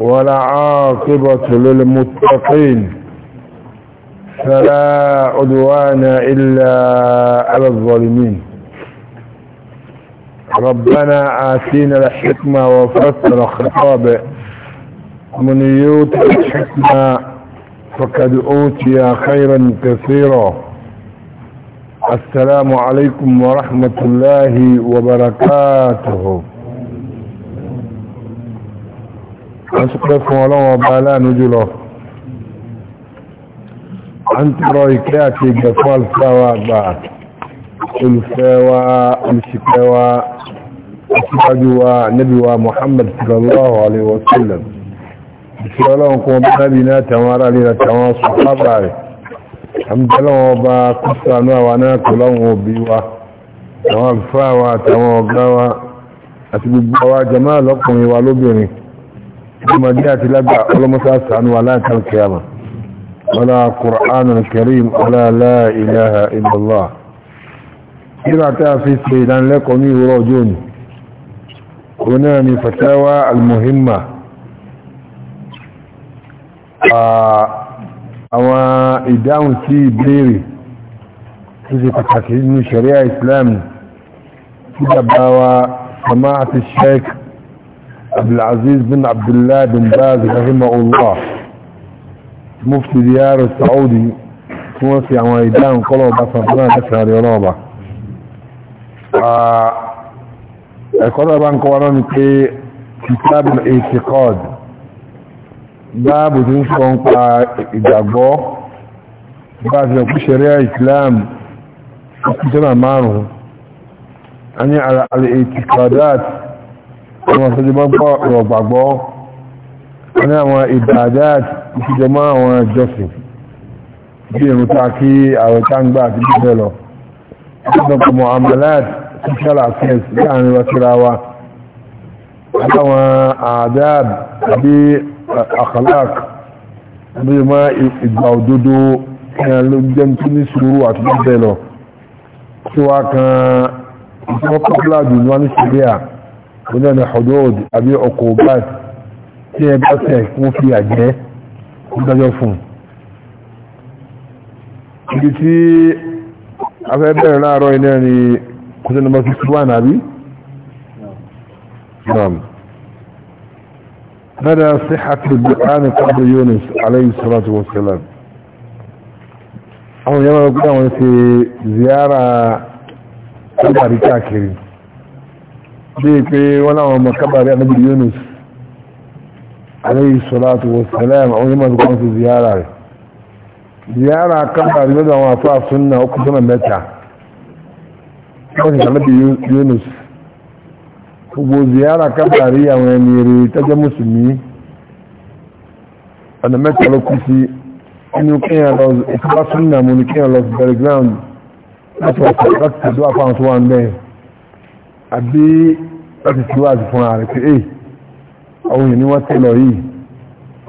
ولا عاقبة للمتقين فلا عدوان إلا على الظالمين ربنا آتينا الحكمة وفصل خطابه من يوت الحكمة فقد أوتي خيرا كثيرا السلام عليكم ورحمة الله وبركاته a ṣùpẹ́ fún ọlọ́wọ́ ọba aláàánú jùlọ a ń tọrọ ìkẹ́ àti ìgbẹ̀ fún alùfẹ́wà àgbà olùfẹ́wà olùṣìpẹ́wà àtìwájú wa nẹ́bíwa Muhammad sallallahu alaihi wasallam ìṣẹ́lọ́wọ́n kún ọba nábi náà tàwọn ará lera tàwọn sọ̀fábà rẹ̀ àmìtẹ́lọ́wọ́ ọba kúsànú àwọn náà kò lọ́wọ́ òbí wa àwọn alùfẹ́wà àtàwọn ọ̀gá wa àti gbogbo àwa jàmáà ثم جاءت الأدعى ولمس أسعى ولا تلكيامة ولا قرآن الكريم ولا لا إله إلا الله إلا تأفي سيدان لكني وروجوني هناني فتاوى المهمة آه، أما إدعون سي بيري سيدي فتاكيزني شريع إسلام سيدة باوى سماعة الشيخ عبد العزيز بن عبد الله بن باز رحمه الله مفتي ديار السعودي توفي عن ويدان قلوا بصرنا لكها لرابة قلوا بان قوانا كتاب الاعتقاد باب تنسون قا إجابو باب يقول شريع الإسلام كتنا معه يعني على الاعتقادات àwọn ìṣẹ́jọba ọ̀rọ̀ gbàgbọ́ wọ́n ní àwọn ìbàdá ìṣẹ́jọmọ́ àwọn ìjọsìn bí irun ta kí àwọn táǹgbà àti bíbẹ̀ lọ ọ̀pọ̀lọpọ̀ muamalat social affairs láàrin wasira wa àwọn adab àbí akhlaq àbí mọ́ ìgbà òdodo kíyàn ló jẹ́ tó ní sùúrù àti bíbẹ̀ lọ tí wá kan wọ́n ní hudud àbí uqubat tí ẹ bá tẹ̀ kún fi àjẹ́ ìdájọ́ fún ibi tí afẹ́ bẹ̀rẹ̀ láàárọ̀ iná ni kùsẹ̀ nọmba 61 àbí نعم بدا صحة الدعاء قبل يونس عليه الصلاة والسلام àwọn yamma gudanwa sai ziyara bíi pé wọ́n láwọn ọmọ kábàrí anábì Yunus alayhi salatu wa salam àwọn yóò máa fi kọ́ńtù ziyara rẹ̀ ziyara kábàrí lọ́dọ̀ àwọn afọ àsúnà ó kú sọ́nà mẹ́ta wọ́n sì anábì Yunus gbogbo ziyara kábàrí àwọn ẹni rè tẹ́jẹ́ mùsùlùmí ọ̀nà mẹ́ta ló kú sí inú kíyàn lọ ìtura súnà mú àbí láti tíwájú fún ààrẹ pé èyí àwọn èèyàn ni wọ́n tẹ́lọ yìí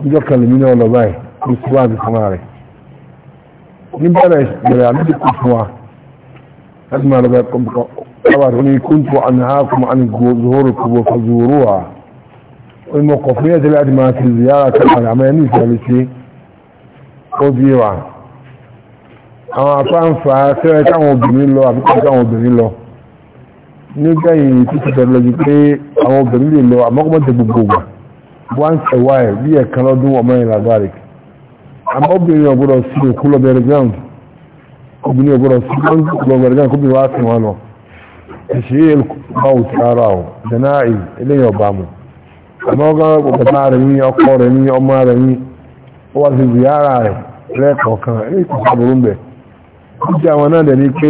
níjọ́ kẹlẹ̀mí náà lọ báyìí ní tíwájú fún ààrẹ níbẹ̀rẹ̀ ìbẹ̀rẹ̀ àlejò kò fún wa láti máa lọ́gbà kọ̀ọ̀kọ̀ káwà tó ní kúntù àníhákùn àni zuhoro kúbò fa zuhoro wa ó ní mọ̀kọ̀ fún yẹ́tẹ́lẹ̀ àti máa ti ziyara kàkàrà àmọ́ ẹni ìṣẹ̀lẹ̀ ṣe ó bí wa àwọn afáǹfà fẹ́rẹ̀ káwọn obìnrin lọ àbíkọ́ káwọn obìnrin lọ nígbà yìí tí ti bẹ̀rẹ̀ lọ́jọ́ pé àwọn obìnrin lè lọ àmọ́kọ́mọ́ ti gbogbo wà once a while bí ẹ̀kan lọ́dún ọmọ ìlà garlic àmọ́ obìnrin ọ̀gbọ́dọ̀ sí òkú lọ bẹ̀rẹ̀ ground obìnrin ọ̀gbọ́dọ̀ sí òkú lọ bẹ̀rẹ̀ ground kó bí wàá sìn wọn lọ ẹ̀ṣẹ̀ yẹn bá wù sí ara o dẹ̀nà eléyìí ọba mu àmọ́ bàbá rẹ̀ ní ọkọ rẹ̀ ní ọmọ rẹ̀ ní ó wá sí ìyára rẹ̀ lẹ́ẹ̀kọ̀ọ̀kan eléyìí kò sábòrò ń bẹ̀ ó jẹ́ àwọn náà dẹ̀ ní pé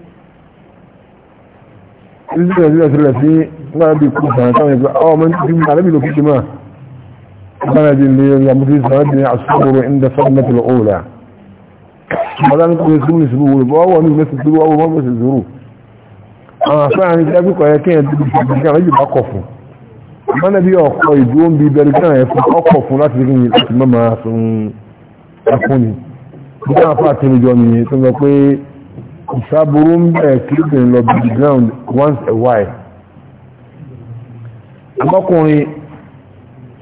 sílẹ̀ sílẹ̀ sílẹ̀ sí máa bí kú sàn táwọn ìgbà àwọn ọmọ tí mo àlẹ́bí ló kú sí máa bára di lè rí àmúfi sàn di àṣùgbòrò ìndẹ sọ́dọ̀mẹ́tì lọ òòlà ọ̀dá ní kúrò sí mùsùlùmí wòlò bọ́ wọ́n ní mẹ́sì dúró wọ́n mọ́ sí zúrù àwọn afẹ́ràn ní ẹgbẹ́ kọ̀ yẹ kí ẹ̀ dúró sí ìgbà méjì bá kọ̀ fún mọ́nà bí ọkọ̀ ìdúró ń bi bẹ̀rẹ̀ kí ẹ̀ fún ọkọ̀ fún láti rí ní láti máa sun ẹkún ni ìsáburú ń bẹ̀rẹ̀ kílùkùn lọ bí ground once a while ọmọkùnrin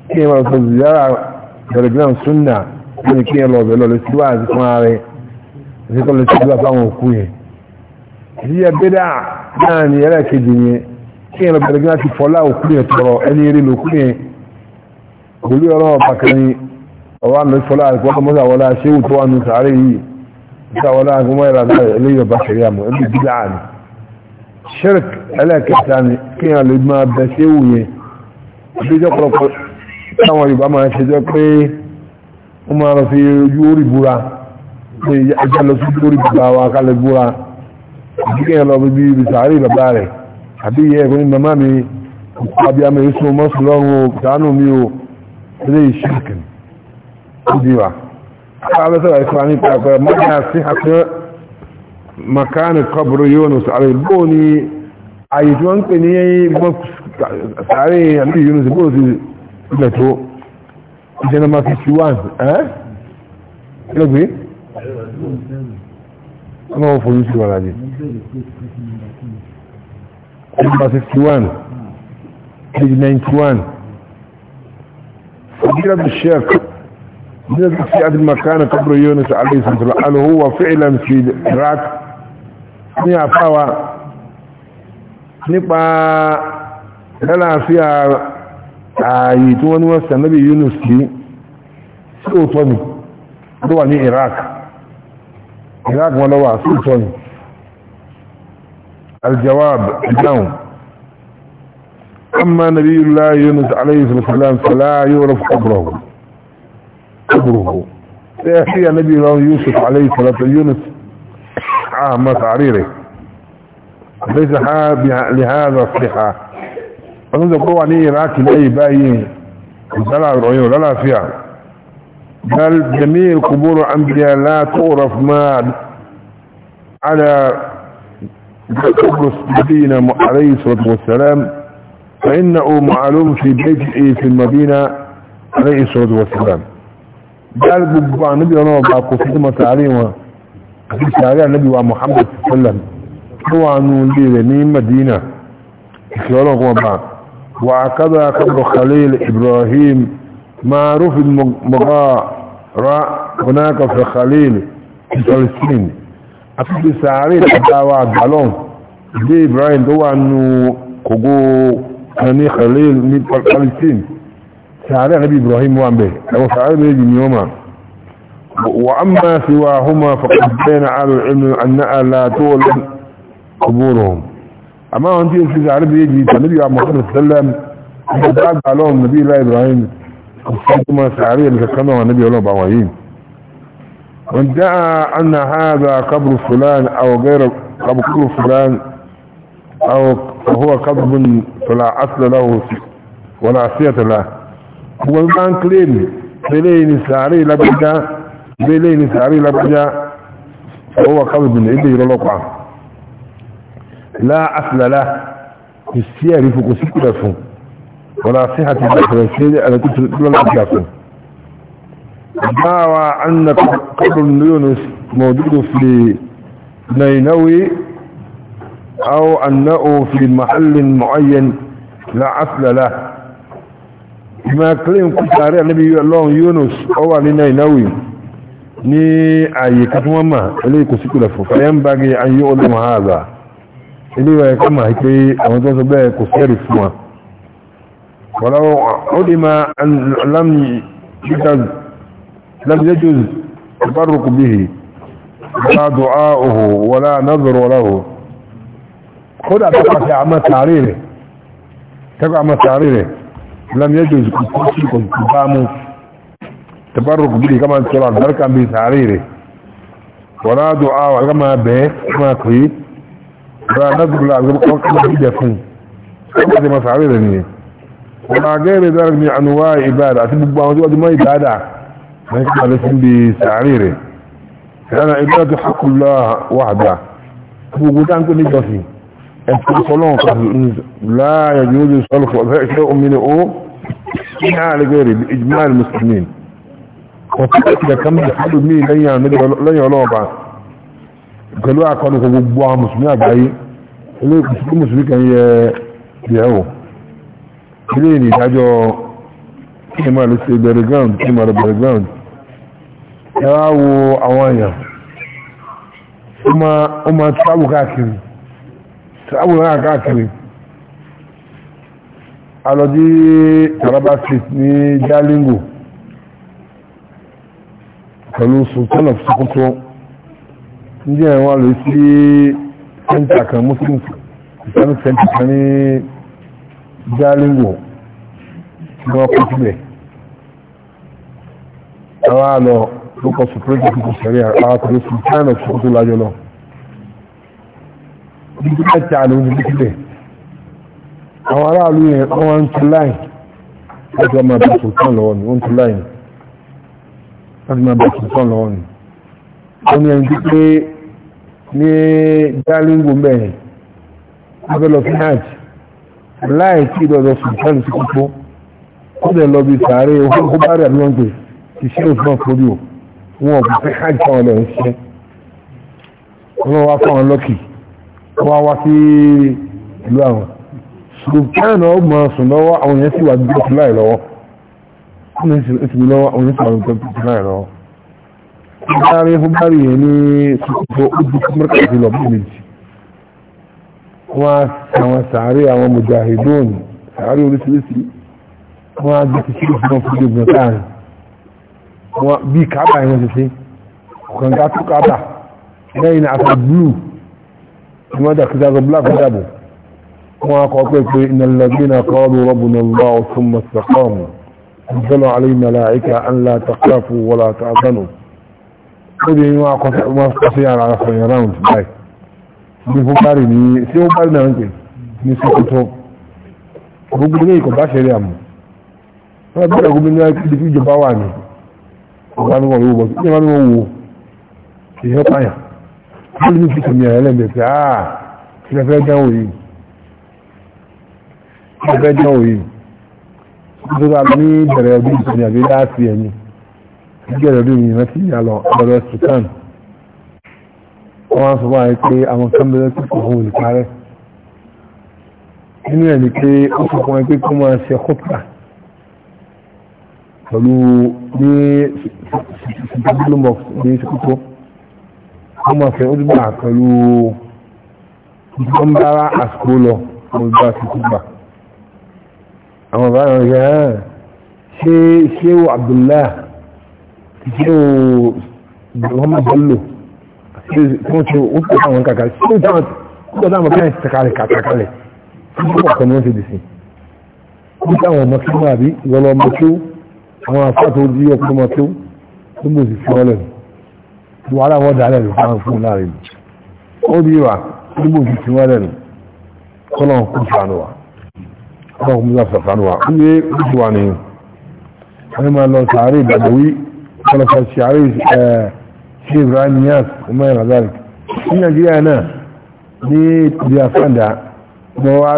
kí ẹ máa sọ ziyara bẹ̀rẹ̀ ground sunna ní kí ẹ lọ bẹ̀rẹ̀ lọ sí wáàzí fún ààrẹ àti kọ́ lọ sí wáàzí fáwọn òkú yẹn sí ẹ bẹ́dà náà ní ẹlẹ́kejì yẹn kí ẹ lọ bẹ̀rẹ̀ ground ti fọlá òkú yẹn tọrọ ẹni eré lòkú yẹn òlú ọlọ́wọ́ bàkẹ́ni ọwọ́ àmì fọlá àti pọ́kọ́ mọ́sà wọlá ṣéwù tó wà nù sàárè yìí ولا عقوما إلى ذلك إليه بحريا مؤمن بدعان شرك على كتاني كيان لما بسيوه بيجقرق كما يبقى ما يشجقه وما رفي يوري بورا يجعل سجوري بورا وقال بورا كيان لو بي بسعري بباري àbí yẹ ẹgbẹ́ nínú mamá mi àbí àmì ìsúnmọ́sùn lọ́rùn tánú mi ò ilé ìṣẹ́kìn ó díwà قال سوى إسلامي تقول ما صحة مكان قبر يونس على البوني أيتوان كني ساري عندي يونس بونس لتو إذا ما في سوان ها لقي أنا أفهم سوان هذه number 61 page 91 فضيلة الشيخ في عدل مكان قبر يونس عليه الصلاة والسلام قال هو فعلا في راك نيا فاوى نيبا هلا فيا ايتوان واسا نبي يونس لي سوطني دوا لي عراق عراق ولوا سوطني الجواب اليوم أما نبي الله يونس عليه الصلاة والسلام فلا يورف قبره قبره يا نبي الله يوسف عليه الصلاة يونس عامة تعريره ليس لهذا الصحة فنزل قوة عني أي باي لا الرعيون لا فيها بل جميع قبور الأنبياء لا تعرف ما على قبر مدينة عليه الصلاة والسلام فإنه معلوم في بيته في المدينة عليه الصلاة والسلام jáde gbogbo ànábì ọlọ́run ọba kò fi símọ̀ sàárè wọn àti sàárè ànábì wa Muhammad sallam tó wà nù lè rẹ̀ ní Madina ìfẹ́ ọlọ́run ọba wà kádà kọ́dọ̀ Khalil Ibrahim معروف المغارة هناك في خليل في فلسطين أكيد سعرين أداوى الظلام دي إبراهيم دوا أنه كوكو أني خليل من فلسطين تعالى نبي إبراهيم وعنبه لو فعل بيجي يوما وأما سواهما فقد بين على العلم أنها لا تولد قبورهم أما أنت في العرب يجي النبي عليه وسلم والسلام بعد علوم نبي الله إبراهيم قصتهما سعرية اللي كانوا النبي الله إبراهيم جاء أن هذا قبر فلان أو غير قبر فلان أو هو قبر فلا أصل له ولا عصية له هو البنك لين بلين ساري لبجا بلين ساري لبجا هو قلب من عده الى الوقع لا اصل له في السير في قصيك لفهم ولا صحة البحر السيدة انا كنت لا اجاسم دعوى ان قبر يونس موجود في نينوي او انه في محل معين لا اصل له ìmọ̀ kílín kú tààrí ànábì ọlọ́run Yunus ó wà ní Nainawi ní ààyè kàtún wọ́n mà ilé ìkòsí kìlọ̀ fún fàyẹ́ bá gẹ ayé olóhùn ààbà ilé ìwà ẹ̀kọ́ mà pé àwọn tó sọ bẹ́ẹ̀ kò sẹ́rì fún wa wọ́láwọ́ ó dì máa lámìlẹ́jọ́ ìbárùkù bíhì àmà tààrí rẹ̀ لم يجوز كتبكم قدامه تبرك به كما ترى ذلك بسعريره ولا دعاء كما به كما قريب لا نذكر لا كما بيجفن كما دي مسعريره ني ولا غير ذلك من انواع عباده تبقى وجود ما عباده ما يقبل اسم بسعريره كان عباده حق الله وحده وجودان كل جوفي يقولون لا يجوز الصرف شيء منه على غير اجماع المسلمين وتأكد كم يحدد مين لن يعمل لن يعلم بعد قالوا قالوا gbogbo مسلمين àgbáyé ilé ìpínlẹ̀ musulmi kan yẹ ìyàwó ilé ìrìn ìdájọ́ kíma lè ṣe bẹ̀rẹ̀gán kíma lè bẹ̀rẹ̀gán ẹwà wo àwọn èèyàn ó máa tábù sáwọn náà káàkiri alọ́dí taraba street ní jalingo pẹ̀lú sultan of Sokoto ní ẹ̀wọ̀n lè sí center kan muslim islamic center kan ní jalingo ní wọ́n kọ́ sílẹ̀ àwọn àlọ́ ló kọ́ supreme court of Sharia àwọn àkọ́lé sultan of Sokoto lájọ́ náà ọdún mẹ́ta ló ti dípẹ́ àwọn aráàlú yẹn wọ́n ń tún láì láti ọmọ ẹ̀bá sultan lọ́wọ́ ni wọ́n tún láì láti ọmọ ẹ̀bá sultan lọ́wọ́ ni wọ́n ní ẹni tí pé ní dálingo mẹ́rin abẹ́lọ fún hajj láì sí ìdọ̀dọ̀ sultan sí kókó ó dẹ̀ lọ bí sàárè ó bá rẹ̀ lọ́n pé ìṣẹ́ òfin ọ̀fọ́díò wọn ò fẹ́ hajj fáwọn ọlọ́run ṣiṣẹ́ wọ́n wá fáwọn lọ́kì wá wá sí ìlú àwọn sultan náà mọ̀ sùn lọ́wọ́ àwọn èèyàn sì wà gbé sí láì lọ́wọ́ àwọn èèyàn sì lọ́wọ́ àwọn èèyàn sì wà gbé sí láì lọ́wọ́ ìdáre fún bárì yẹn ní sùkùtù ojú mẹ́ta sí lọ bí wọ́n bí kábà yẹn ṣe ṣe kọ̀ǹgá tó kábà lẹ́yìn àtàbùlù لماذا كتاب الله كتابه وقالت إن الذين قالوا ربنا الله ثم استقاموا أنزل عليه ملائكة أن لا تخافوا ولا تعظنوا قولي ما قصي على خيران باي ni fún bari ni tí ó bari náà ń pè ní sokoto gbogbo ilé ìkọ̀ bá ṣẹlẹ̀ àmọ́ wọ́n bẹ̀rẹ̀ gómìn náà kí ibi ìjọba wà ní ọ̀gá ní wọ́n wò bọ̀ kí ni wọ́n wọ́n ní fi kìmìyàn ẹlẹ́gbẹ̀ pé àà tí ẹ fẹ́ dánwò yìí ẹ fẹ́ dánwò yìí tó bá ní bẹ̀rẹ̀ ọdún ìsọ̀nì àbí láti ẹ̀yìn bẹ̀rẹ̀ ọdún ìyìn rántí ìyá lọ ọ̀rọ̀ sultan wọ́n sọ wá pé àwọn kẹ́mẹ́rẹ́ tó kò hùn ní parẹ́ nínú ẹ̀ ni pé ó sọ fún ẹ pé kó máa ṣe kópa pẹ̀lú ní sultan ní ṣe ọmọ ọ̀fẹ́ ó dúgbà pẹ̀lú ìgbọ́nbára àsìkò lọ ọgbà ti kúgbà àwọn ọ̀bá àwọn ìyá ṣe ṣéwò Abdullah ṣéwò Muhammad Bello tí wọ́n ṣe ó pẹ̀lú àwọn kàkàlẹ̀ ṣéwò táwọn kúgbà táwọn kẹ́rin kàkàlẹ̀ kàkàlẹ̀ fún ọkọ̀ ni wọ́n ti dìsìn ó táwọn ọmọ kí wọ́n àbí ìwọ́lọ́ ọmọ kí àwọn àfáà tó di ọkọ̀ ọmọ kí ó tó mọ̀ sí fi ọlẹ́nu wàhálà wọ́n dà lẹ́nu fún fún láàrin ó bí wà nígbò tí tí wọ́n lẹ́nu kọ́lọ̀n kú sànú wa kọ́lọ̀n kú sànú wa ó yé oṣù wa ni wọ́n máa lọ sàárè ìdàgbòwí kọ́lọ̀fà sàárè ṣe ibrahim yas ọmọ ìrànlọ́rì ní nàìjíríà náà ní ìdí àfáǹdà wọ́n wá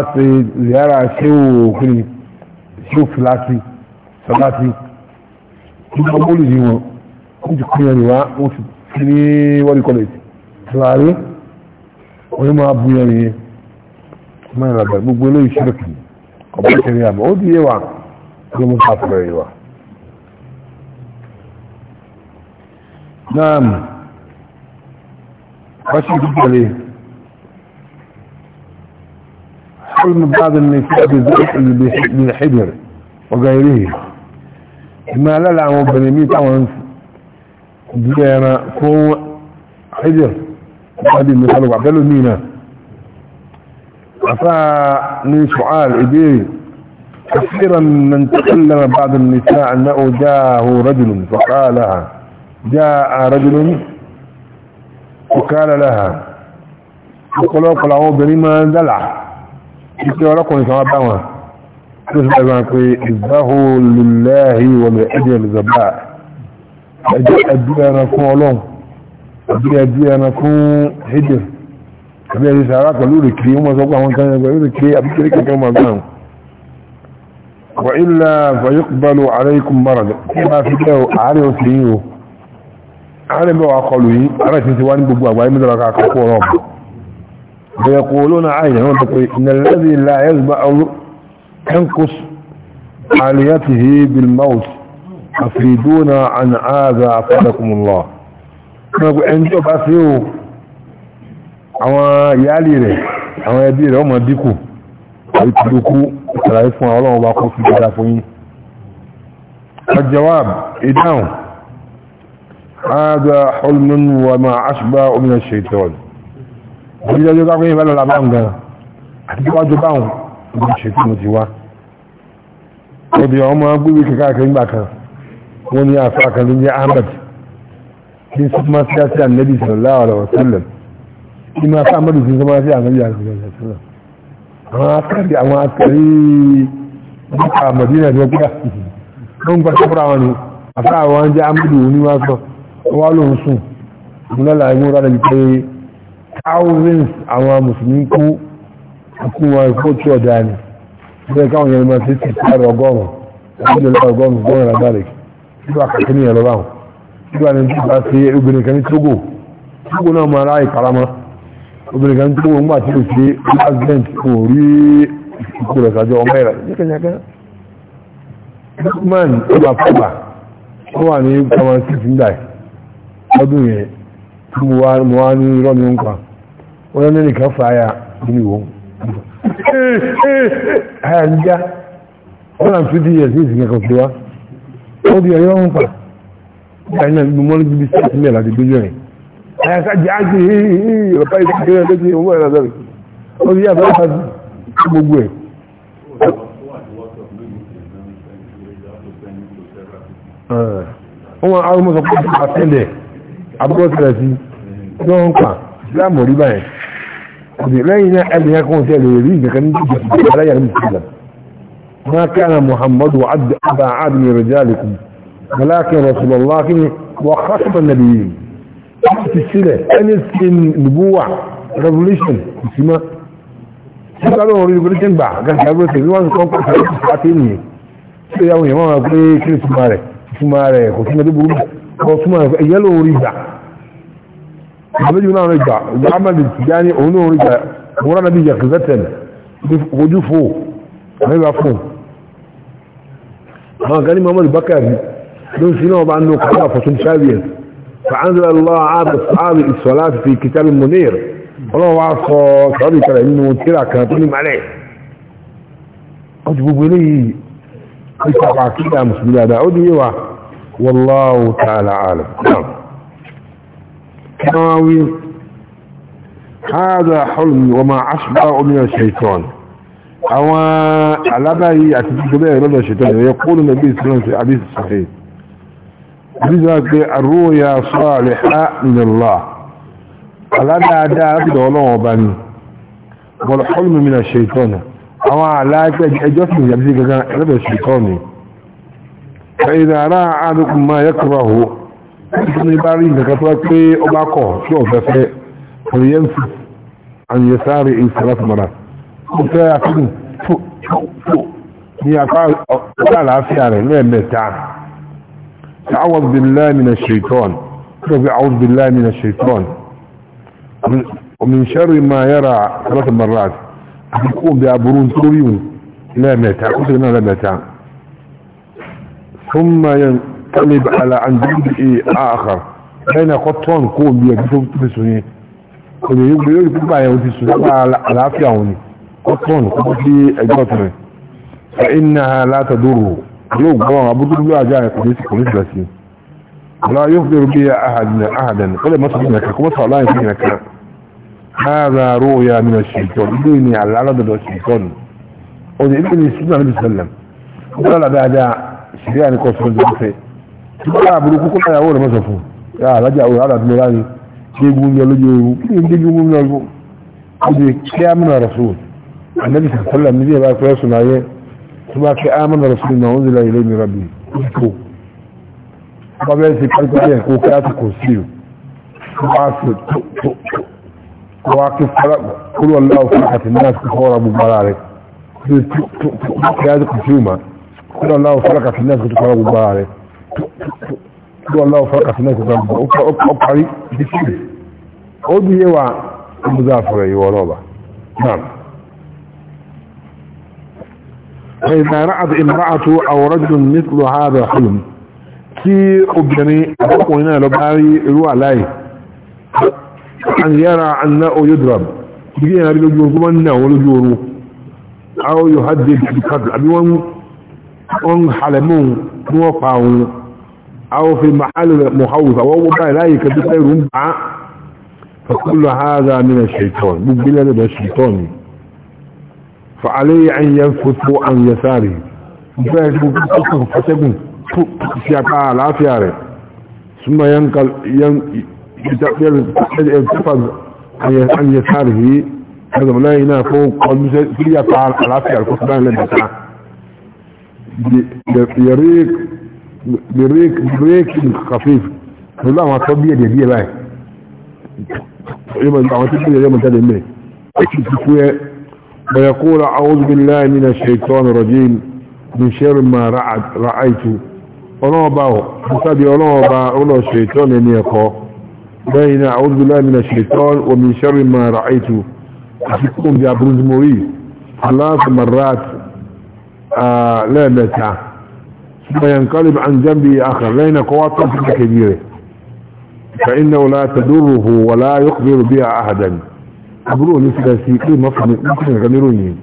ó ti ní wọ́dí college láàrí orí máa bú yẹn nìyẹn máa rà bẹ̀rẹ̀ gbogbo eléyìí ṣẹ́rẹ̀kì ọ̀bá ìṣẹ̀rẹ̀ àmọ́ ó di yé wa ló mú ká fẹ́rẹ̀ yìí wa. náà wáṣíkì tẹ̀lé حلم بعض النساء بالحجر وغيره ما لا لعن بني ميت عوان ديانا كو حجر هذه المثال عبدالله مينا عفا لي سؤال إبيري كثيرا من تكلم بعض النساء أنه جاءه رجل فقال لها جاء رجل وقال لها وقالوا قلعوا بريما دلع يقول لكم كما بما تسبب ما قلت لله أجل الزباء ẹjọ́ ẹbí ẹran fún ọlọ́run àbí ẹbí ẹran fún hídìr àbí ẹbí sàárà pẹ̀lú ìrìkiri wọ́n sọ pé àwọn kan ẹgbẹ̀rún ìrìkiri àbí kiri kankan máa gbà wọ́n ilẹ̀ fayọ́kùbálò ààrẹ ikú mara tí ma fi bẹ́ ààrẹ òsì yìí o ààrẹ bẹ́ wà kọlù yìí ààrẹ ti ti wá ní gbogbo àgbáyé mẹ́tọ́ra ká kọ́kọ́ ọ̀rọ̀ bẹ̀rẹ̀ kò lónà ààyè náà tó pé ìnàlẹ́dì ilẹ̀ ayẹ́sùgbà ọlọ́ أفيدونا عن هذا أفادكم الله نقول أنت بسيو àwọn ìyáàlì rẹ̀ àwọn ẹbí rẹ̀ ọmọ díkù àti tìlúkú ìtàlàyé fún àwọn ọlọ́run bá kó sí ìjọdá fún yí ọjọ́wàb ìdáhùn ààdà hulmun wa ma aṣùgbà omina ṣètọ́ọ̀lù orílẹ̀-èdè kápẹ́ yìí bẹ́lọ́lá bá ń gan àti tí wájú wani ya fi akalin ya ahmad sun su kuma su yasi annabi sallallahu alaihi wasallam shi ma su amadu sun zama su annabi sallallahu alaihi wasallam amma askari amma askari duka madina da kuka don ba ta fura wani a sa wa wani amadu wani ma so walon su mula la yi rana bikai thousands àwọn musulmi kú hukumar ko ciwo da ne zai kawo yalma sai ci tare ọgọ́rùn-ún ọdún ọgọ́rùn-ún gọ́nà labarai nígbà kàkí ní ẹ̀rọ báwọn nígbà ní tí bá ṣe obìnrin kan na Togo Togo náà máa ráyè karama obìnrin kan ní Togo nígbà tí ó ṣe accident kò rí ìkú rẹ̀ sàjọ ọmọ ẹ̀rọ yẹ́kẹ́yẹ́kẹ́ Lukman ọba pàpà ó wà ní kọ́mọ sí fúndà ọdún yẹn tí mo wá ní irọ́ mi ń pa wọ́n ní nìkan fàáyà nínú ìwọ̀n ẹ̀ẹ́ ẹ̀ẹ́ ẹ̀ẹ́ ẹ̀ẹ́ ẹ̀ẹ́ ẹ̀ẹ́ ẹ̀ẹ́ ẹ̀ẹ́ ẹ̀ẹ́ ó di ẹ̀yọ́ ń fà láì náà gbogbo mọ́lẹ́ bíbí sí ìsinmi àti gbójú ẹ̀ àyàká jẹ́ ájì ọ̀pá ìsinmi àti owó ẹ̀rọ sọ́rọ̀ ó di àbẹ́ ìfà gbogbo ẹ̀ wọ́n àwọn ọmọ sọ pé àtẹ́lẹ̀ abúgbọ́sẹ̀rẹ̀ sí tó ń pa ìsìlámù rí báyìí lẹ́yìn náà ẹgbẹ̀rún kan tẹ́lẹ̀ rí ìgbẹ̀kan ní ìjọba aláyàrí mùsùlùmí ما كان محمد عبد أبا عاد من رجالكم ولكن رسول الله كني وخصب النبيين في السلة أنس نبوة revolution ìsìmá ṣíkàlọ́ orí revolution gbà gàtí agbóṣe ní wọ́n kọ́ pàtàkì àti ènìyàn tí ó yàwó yàmọ́ wọn pé kí ní túnmà rẹ̀ túnmà rẹ̀ kò túnmà tó burú kò túnmà rẹ̀ ẹ̀yẹ́ ló orí gbà àbẹ́jù náà rẹ̀ gbà ìgbà amadi tìjá ní òun náà orí gbà òun rán nàbí yàkùzẹ́tẹ̀lẹ̀ ojú fò àbẹ́bà fò ها قال لي محمد البكري دون شنو بانه كذا فصل شابيه فعند الله عاد اصحابي الصلاه في كتاب المنير والله واقف صار ترى انه ترى كان بني عليه اجبوا لي كيف باقي يا مسلم يا دعودي و والله تعالى عالم نعم. كاوي هذا حلم وما اشبع من الشيطان àwọn alábáyé àti gbogbo lọ́dọ̀ ṣètò ìrẹ́ kóòlù nàbí ìsìláǹsì àbísì sọ̀rẹ́ àbísì wá pé àrúyà sọ́ọ̀lẹ̀ ha nìlọ́ aládáadáa láti dọ̀ ọlọ́wọ́ bá ní bọ̀lọ̀ kóòlù mi nà ṣètò nà àwọn aláàpẹ́ ẹjọ́ sì yàbí sí gangan lọ́dọ̀ ṣètò ni ẹ̀yìn ara àdókùn máa yẹ kúrò hó ní bá rí nǹkan tó pé kò fẹ́ àfihàn fò fò ní apá àlàáfíà rẹ̀ lẹ́ẹ̀mẹ́ta تعوذ بالله من الشيطان ربي أعوذ بالله من الشيطان ومن شر ما يرى ثلاث مرات يقوم بأبرون توريون لا متاع قلنا لا متاع ثم ينقلب على عن جنبه آخر بين قطوان قوم بيجسوا تبسوني ويقول يقول يقول يقول يقول يقول يقول يقول قطن قبضي اجوتر فانها لا تضر لو قوم ابو دول لا جاي قديس قديس بسي لا يخبر بها احد احدا قال ما صدقك كما صلاه انك هذا رؤيا من الشيطان ديني على عدد الشيطان قد ابن السنة عليه وسلم قال لا بعد شريان قصر الجنسي تبقى بلوكو كل يا أول ما صفو يا رجع وعلى أدمراني يقول يا لجي يقول يا لجي يقول يا لجي يقول يا رسول annabi sallallahu alaihi wasallam ba ku rasu naye kuma ke amana rasul ma unzila ilayhi min rabbi ko ba ba sai kalko ne ko ka ta ko siyo ba su to ko wa ki fara kul wallahu fahat nas ko hora bu barare ya ku kuma kul wallahu fahat nas ko hora bu barare kul wallahu fahat nas ko hora bu ko ko ko ko ko ko ko ko ko ko ko ko ko ko ko ko ko ko ko فإذا رأت امرأة أو رجل مثل هذا حلم tí obìnrin àkọ́kùnrin náà lọ bá rí irú àláì an yára anna oyodram bí i yàrí lójú orú wọ́n náà wọ́n lójú orú àwọn yóò hajjẹ́ ìdíkàtù àbí wọ́n halẹ̀mùn ní wọ́n pa òun àwọn fi mahalẹ̀ mohawus àwọn wọ́n bá ìláyè kẹtù sẹ́rù ń bá fàkúlù hàzà nínú ṣètọ́n gbogbo ilẹ̀ lọ́dọ̀ ṣètọ́n ni فعليه أن ينفت عن يساره فسقن سيقع على فياره ثم ينقل ينتفض عن يساره هذا لا هنا فوق قد سيقع على فياره كتبان لنسعه يريك بريك بريك خفيف لا ما طبيعي دي دي باي يبقى انت عملت كده يوم تاني ليه ويقول أعوذ بالله من الشيطان الرجيم من شر ما رعد رأيته ونوى باو حساد ونوى الشيطان ينيقو بين أعوذ بالله من الشيطان ومن شر ما رايت أشكتم يا برز موري ثلاث مرات لا نتاع ثم ينقلب عن جنبه آخر لين قواتا كبيرة فإنه لا تدره ولا يقبر بها احدا àbúrò ní sílẹ̀ sí pé mọ́fàmí mọ́fàmí kan níròyìn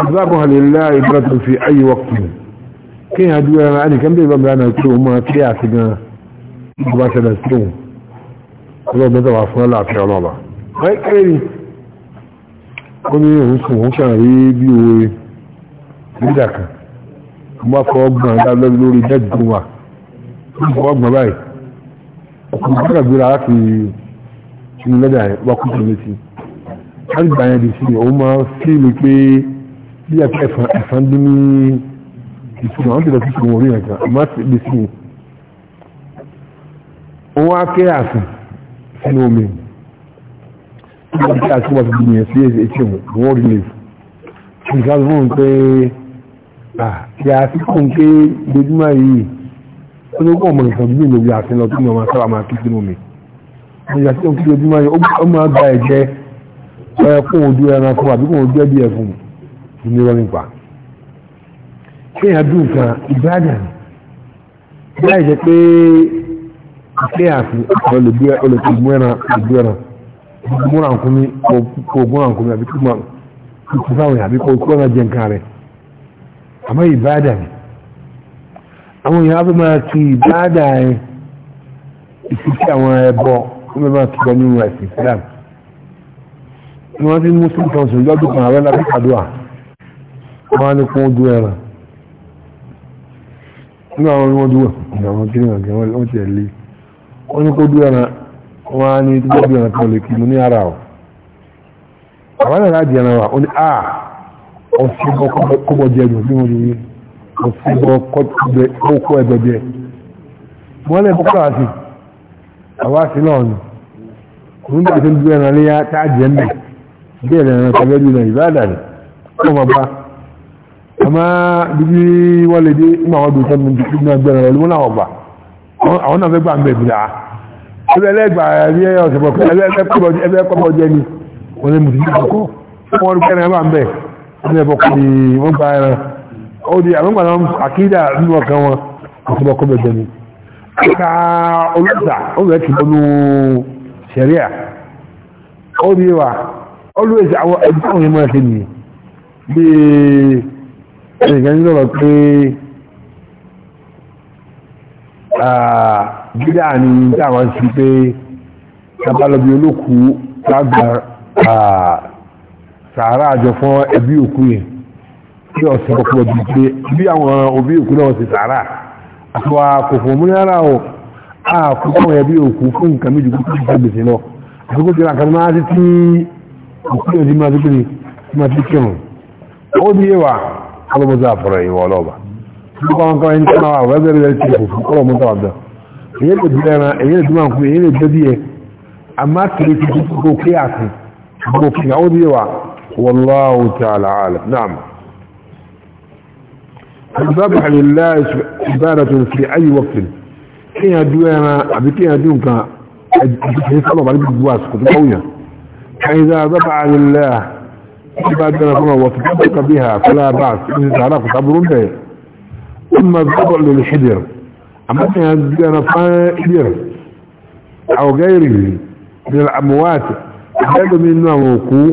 ìgbàgbọ́ halilá ìbúrátù fi ayé wọ́pù kí ní àdúrà ara nìkan bí ìbámu lánàá pé òun máa kílẹ̀ àti gan ìgbà ṣẹlẹ̀ sí òun ọlọ́run mẹ́ta wà fún aláàfin ọlọ́ba wáyé kéré ni ó ní òun sùn òun kàn rí bí òwe nígbà kan mo bá fọwọ́ gbọ̀n dá lórí bẹ́ẹ̀dì tó wà ó fọwọ́ gbọ̀n báyìí ọkùnrin gbọ́dọ̀ gbéra láti tí lọ́dà wákùtù létí láti gbà yẹn di sí òun máa sí mi pé bí ẹ̀fọn ẹ̀fọn ẹ̀fọn dín ní ìtumọ̀ àwọn tẹ̀lé tuntun orí ẹ̀kan àmọ́ sí ibi sí mi ó wá ké àsùn sínú omi nígbà tí àsùn wà tuntun yẹn sí etí mu wọ́n rí lèf nǹkan tó ń pé kí a sì kún pé dojúmọ́ yìí ó ló kọ́ ọmọ nǹkan bí mi lòwe àti lọ́tún mi ọmọ sábà máa kí sínú omi ìyá tí ó kí ojúmọ́ yẹn ó máa gba ẹ̀jẹ̀ fún ojú ẹranko àbí kò jẹ́ bí ẹ̀fún ìnira nípa kéèyàn dùn kan ìbáàdà ni láì jẹ́ pé kéèyàn sí olùgbò ẹran olùgbò ẹran múra nkúmi kò múra nkúmi àbí kúmọ̀ tuntun fáwọn yàrá kò kó ẹran jẹ nǹkan rẹ̀ àmọ́ ìbáàdà ni àwọn èèyàn á máa ti ìbáàdà ìfisí àwọn ẹbọ wọ́n bẹ máa ti gbọ́ nínú ẹ̀sìn Islam ni wọ́n ti mú sí ìtọ́sùn lọ́dún kan àwẹ́ lábẹ́ àdúrà wọ́n á ní kún ojú ẹran nínú àwọn orí wọ́n dúró àwọn kí nìkan kí wọ́n ti ẹ̀ lé wọ́n ní kó dúró ẹran wọ́n á ní tó dúró ẹran kan lè kí mu ní ara o àwọn náà láti ẹran wa ó ní a ọ̀sìn bọ́ kọ́bọ̀ jẹ́ ẹ̀dùn bí wọ́n ti wí ọ̀sìn bọ́ kọ́kọ́ ẹ̀bẹ̀ jẹ́ wọ́n lè kọ́kọ́ àwa sí náà nù òun bá ti ń dúró ẹran léyà tá a jẹ mẹ bí ẹ̀rẹ̀ ẹran tàbí ẹ̀dùn náà ìbáàdà ni kọ́ máa bá àmọ́ bíbí wọ́n lè dé nígbà wọn dùn sọ́nù níbi náà gbẹ̀rẹ̀ rẹ̀ lọ́wọ́ náà gbà àwọn náà fẹ́ gbà ń bẹ̀ bìlà ẹgbẹ́ ẹlẹ́gbà rí ọ̀sẹ̀ pọ̀ ẹgbẹ́ pọ̀ jẹ́ ni wọ́n lè mú sí ìkọ̀kọ̀ wọ́n rí kẹ́rin bá ń bẹ̀ wọ́n lè bọ̀kọ̀ ni wọ́n gba ẹran aka olóòtà ọmọ ẹ̀tù bọ́nú sẹ̀ríà ó bí wà always àwọn ẹgbẹ́ òun mọ́ ẹ̀sẹ̀ nìyí bí ẹ̀yìnkà ní lọ́rọ̀ pé gídà ní dáwọn sí pé tabalọ́bí olókù lágbà sàárà àjọ fún ẹbí òkú yẹn bí ọ̀sẹ̀ ọkọ̀ bí àwọn òbí òkú náà sì sàárà àtọwà kò fò mú rárá o àkókò yẹ bí òkú fún nǹkan méjì kó tó gbèsè lọ àkókò tí àkàtà máa ti tí òkú yẹn ti máa ti kiri tí máa ti kírun ó di yẹwà alọ́mọdé àfọ̀rọ̀ ìwọ̀ ọlọ́ọ̀bà tí wọ́n kọ́ ẹni tí wọ́n wà wẹ́ẹ́ bẹ́ẹ̀ ti kò fún kọ́lọ̀ mọ́tò àbẹ̀ èyí lè bí ẹran èyí lè dúnmà kú èyí lè bẹ́ bí ẹ àmá kiri ti kó kí àkùn kó kí àwọn ó di yẹwà wallahu ta'ala alam na'am الذبح لله عبادة في أي وقت كي يدوي أنا أبي كين يدوي كان يصلب عليه بالجواز كنت قوية فإذا ذبح لله عبادة كما وصفتك بها فلا بأس إن تعرف تعبرون به أما الذبح للحدر أما كين يدوي أنا فاجر أو غيره من الأموات هذا من النوم وقوع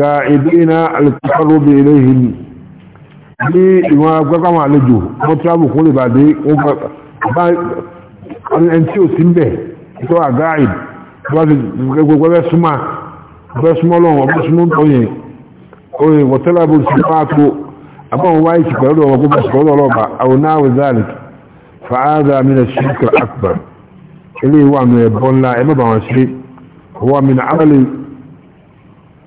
قاعدين التقرب إليهم ní ìwọ̀n agbẹ́gbàmà àlejò wọ́n tí a bù kún lè bà dé ẹn tí ò sí ń bẹ̀ tó àgáàìd gbẹ́gbẹ́gbẹ́ súnmà bẹ́ súnmọ́ lọ́wọ́ bẹ́ súnmọ́ lọ́yìn oye wọ̀tẹ́lá bó ti máa tó àbọ̀wọ̀n wáyé ti pẹ̀lú ọmọ gbogbo ṣùgbọ́n ọlọ́ba àwọn náà zalik fa'ada min ash akbar ilé ìwà mi ẹ̀bọ́n ńlá ẹ̀mọ́bà wọn ṣe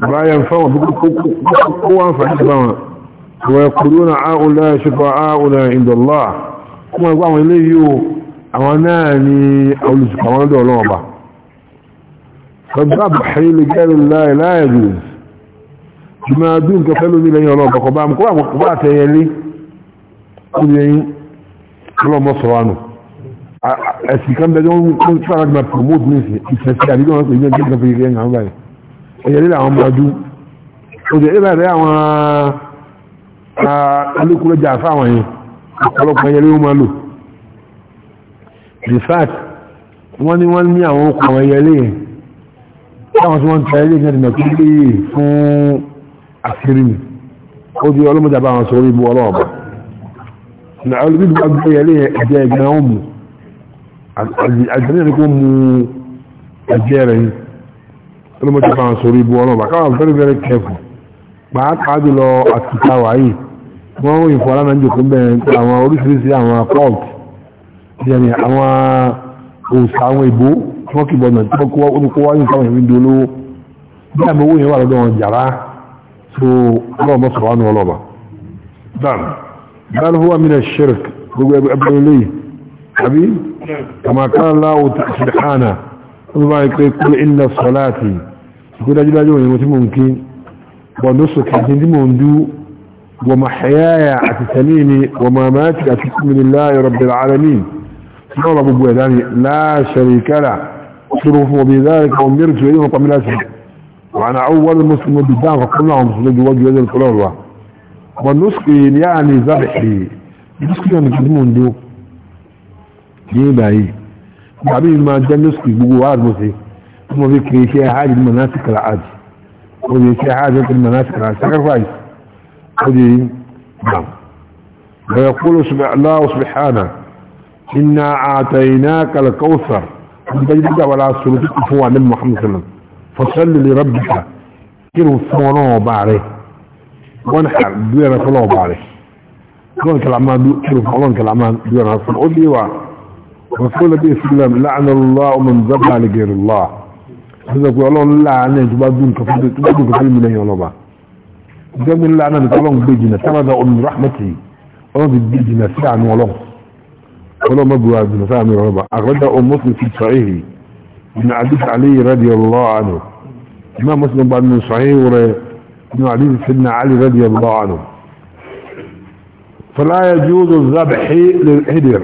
bayan fama kowa fahimta fama wa ya kuru na agula shafa agula inda Allah kuma ba wani laiyo a wana ne a wani su kamar da wani ba sabab haili garin laye laye zuwa jima dun ka falo ni lẹ́yìn ọlọ́pàá kọ bá mú kọ́ àwọn kọ́ àtẹ yẹlé kú ní ẹyìn ọlọ́mọ sọ̀rọ̀nù ẹ̀sìn kan bẹ́ẹ̀ tó ń sára gbà promote ní ìfẹ̀sí àbíkọ́ wọn pè ní ẹgbẹ́ ìgbà fèrè ẹ̀yìn àwọn báyìí òyìnbó làwọn mọ́jú òjò ìbẹ̀rẹ̀ rẹ̀ àwọn alúkúrẹ́jà fáwọn yìí ọ̀pọ̀lọpọ̀ ẹyẹ ló máa lò the fact wọ́n ní wọ́n ní àwọn okùn àwọn ẹyẹ lẹ́yìn táwọn tí wọ́n ta ẹyẹ lẹ́yìn náà kí fún na olùbíbi bá gbé ẹyẹ lẹ́yìn ẹ̀jẹ̀ ẹ̀gbẹ́ wọn mú ọlọ́mọdé bá ń sọ̀rọ̀ ibu ọlọ́mọ káwọn very very careful pàápàá jùlọ àtúntà wáyé wọ́n ń ìfọ̀ aláǹdà jòkó bẹ́ẹ̀ àwọn oríṣiríṣi àwọn cult yẹn àwọn òòsà àwọn ìbò tí wọ́n kìbọn náà tí wọ́n kó wáyé nǹkan ìwé ìdó olówó bí àmì owó yẹn wà lọ́dọ̀ wọn jàrá so ọlọ́mọ sọ̀rọ̀ wọn ọlọ́mọ. dan dan huwa min ash-shirk gbogbo ẹgbẹ́ ẹgbẹ́ lóyè àbí kàmákàlá òtà ṣìdánà olùbáyé pé kú iná sọ́láàtì kú dájúdájú wọn ni tí mo ń kí wọ́n ló sọ̀kẹ́ tí tí mo ń dú wọ́n ma ṣayáyà àti tẹ̀lé ni wọ́n ma máa ti àti kúrìnlá rabbil alamin náà gbogbo ẹ̀dá ni láṣẹ̀rì kára ṣòro fún ọbẹ̀ ìdáre kan bí rìtù ẹ̀yìn ọ̀pá mílásì wọ́n àwọn wọ́n ló mọ́sùn mọ́bí dáhùn kọ́kọ́ náà wọ́n mọ́sùn lójú wọ́jú ẹ̀dẹ̀ kọ́lọ́ wa wọ́n ló sọ̀kẹ́ ní àná ìzábẹ̀ ẹ̀ ní ìgbà yìí بعدين ما جاء في بقوا هذا مسي هم ذيك شيء عادي المناسك العادي ودي شيء عادي المناسك العادي سكر فايز ودي نعم ويقول سبع الله سبحانه إنا أعطيناك الكوثر ودي ولا سلطة فوا لما محمد صلى الله فصل لربك كيرو فوانو باري ونحر دوير فلو باري كون كلامان دوير فلو كلامان دوير رسول الله صلى الله عليه وسلم لعن الله من ذبح لغير الله هذا يقول الله لعن دون كفر تبادون كفر من أي الله جميع اللعنة تقولون بيجنا ذا من رحمتي ولن بيجنا سعن ولن ولن مبوا بن سعن ولبا أغرد أم مسلم في صحيح من عدي علي رضي الله عنه إمام مسلم بعد من صحيح من عدي سيدنا علي رضي الله عنه فلا يجوز الذبح للهدر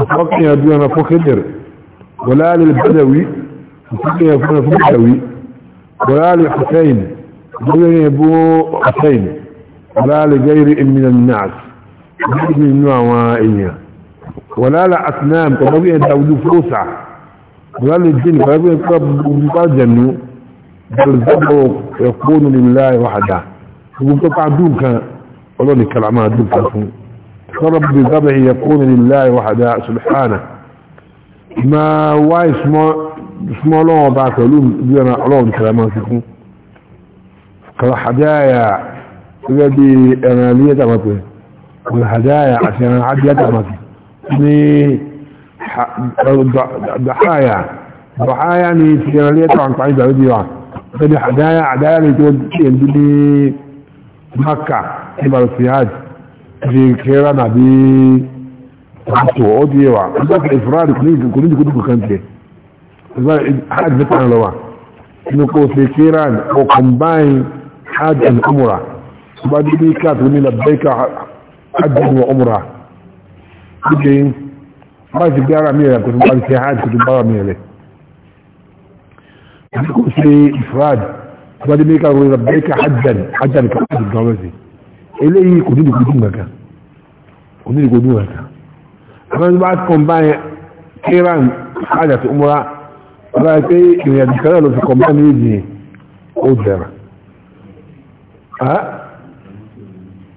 وفقني يدون فخدر الدر ولا للبدوي وفقني يدون فوق البدوي ولا للحسين ولا أبو حسين ولا لغير من الناس من النوع وائية ولا لأسنام كما يدولوا فوسع ولا للجن كما يقرب الجنو بل الذبح يكون لله وحده وقطع دوكا ولو الكلام دوكا فوق طرب بذبح يكون لله وحده سبحانه ما واي اسمه لون وضعك لون دينا لون كلاماتكم كالحدايا الذي انا لي دمته والهدايا عشان انا عد يدمته اني ضحايا ضحايا اني في انا لي طبعا قاعد بدي واحد هدايا عدايا اللي تودي مكة تبقى السياج fi kera na bi to o di wa ba ka ifrad ko ni ko ni ko ko kan te ba haj bi tan lawa ni ko fi kera ko combine haj and umra ba di bi ka to ni labbaika haj wa umra kuje ba ji gara mi ko ba fi haj ko ba mi le ko fi ifrad ba di bi ka ko labbaika hajjan hajjan ka hajjan gawazi eléyìí kò nílùú gbogbo gbàgà kò nílùú gbogbo gbàgà àwọn bá kọmbáyé kíran hajj àti umra ọlá pé ìrìn àjò kan náà ló fi kọmbáyé méjì yẹn ó dẹ̀ra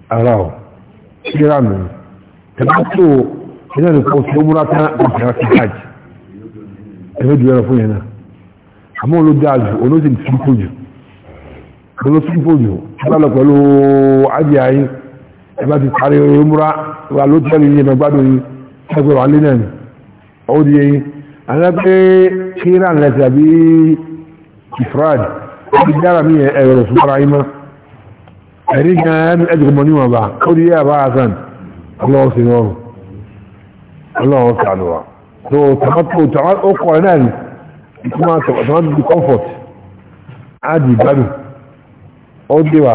ara ọ̀ kíran nù tẹ̀lá tó iná ní kò sí umra tán ó dẹ̀ra hajj ẹ̀rọ jù ẹ̀rọ fún yẹn náà àmọ́ olójú àjù olóṣèlú tó kù jù pẹ̀lú tí fòjò lọ́lọ́ pẹ̀lú ajé ayé ẹ̀bá ti parí múra wà ló tẹ́lú ilé mẹ́gbádùn yìí ẹgbẹ́ wà lé náà ni ó di eyín alápẹ́ kíra lẹ́sẹ̀ àbí ifrad ó dára ní ẹ̀rọ súnmọ́ra yìí mọ́ ẹ̀rí gan ẹ̀dùn mọ́ níwọ̀n bá ó di yà bá hasan ọlọ́wọ́ sí lọ́rùn ọlọ́wọ́ sàlùwà tó tàmátò tàmátò ó kọ̀ náà ni ìtumọ̀ tàmátò ó déwà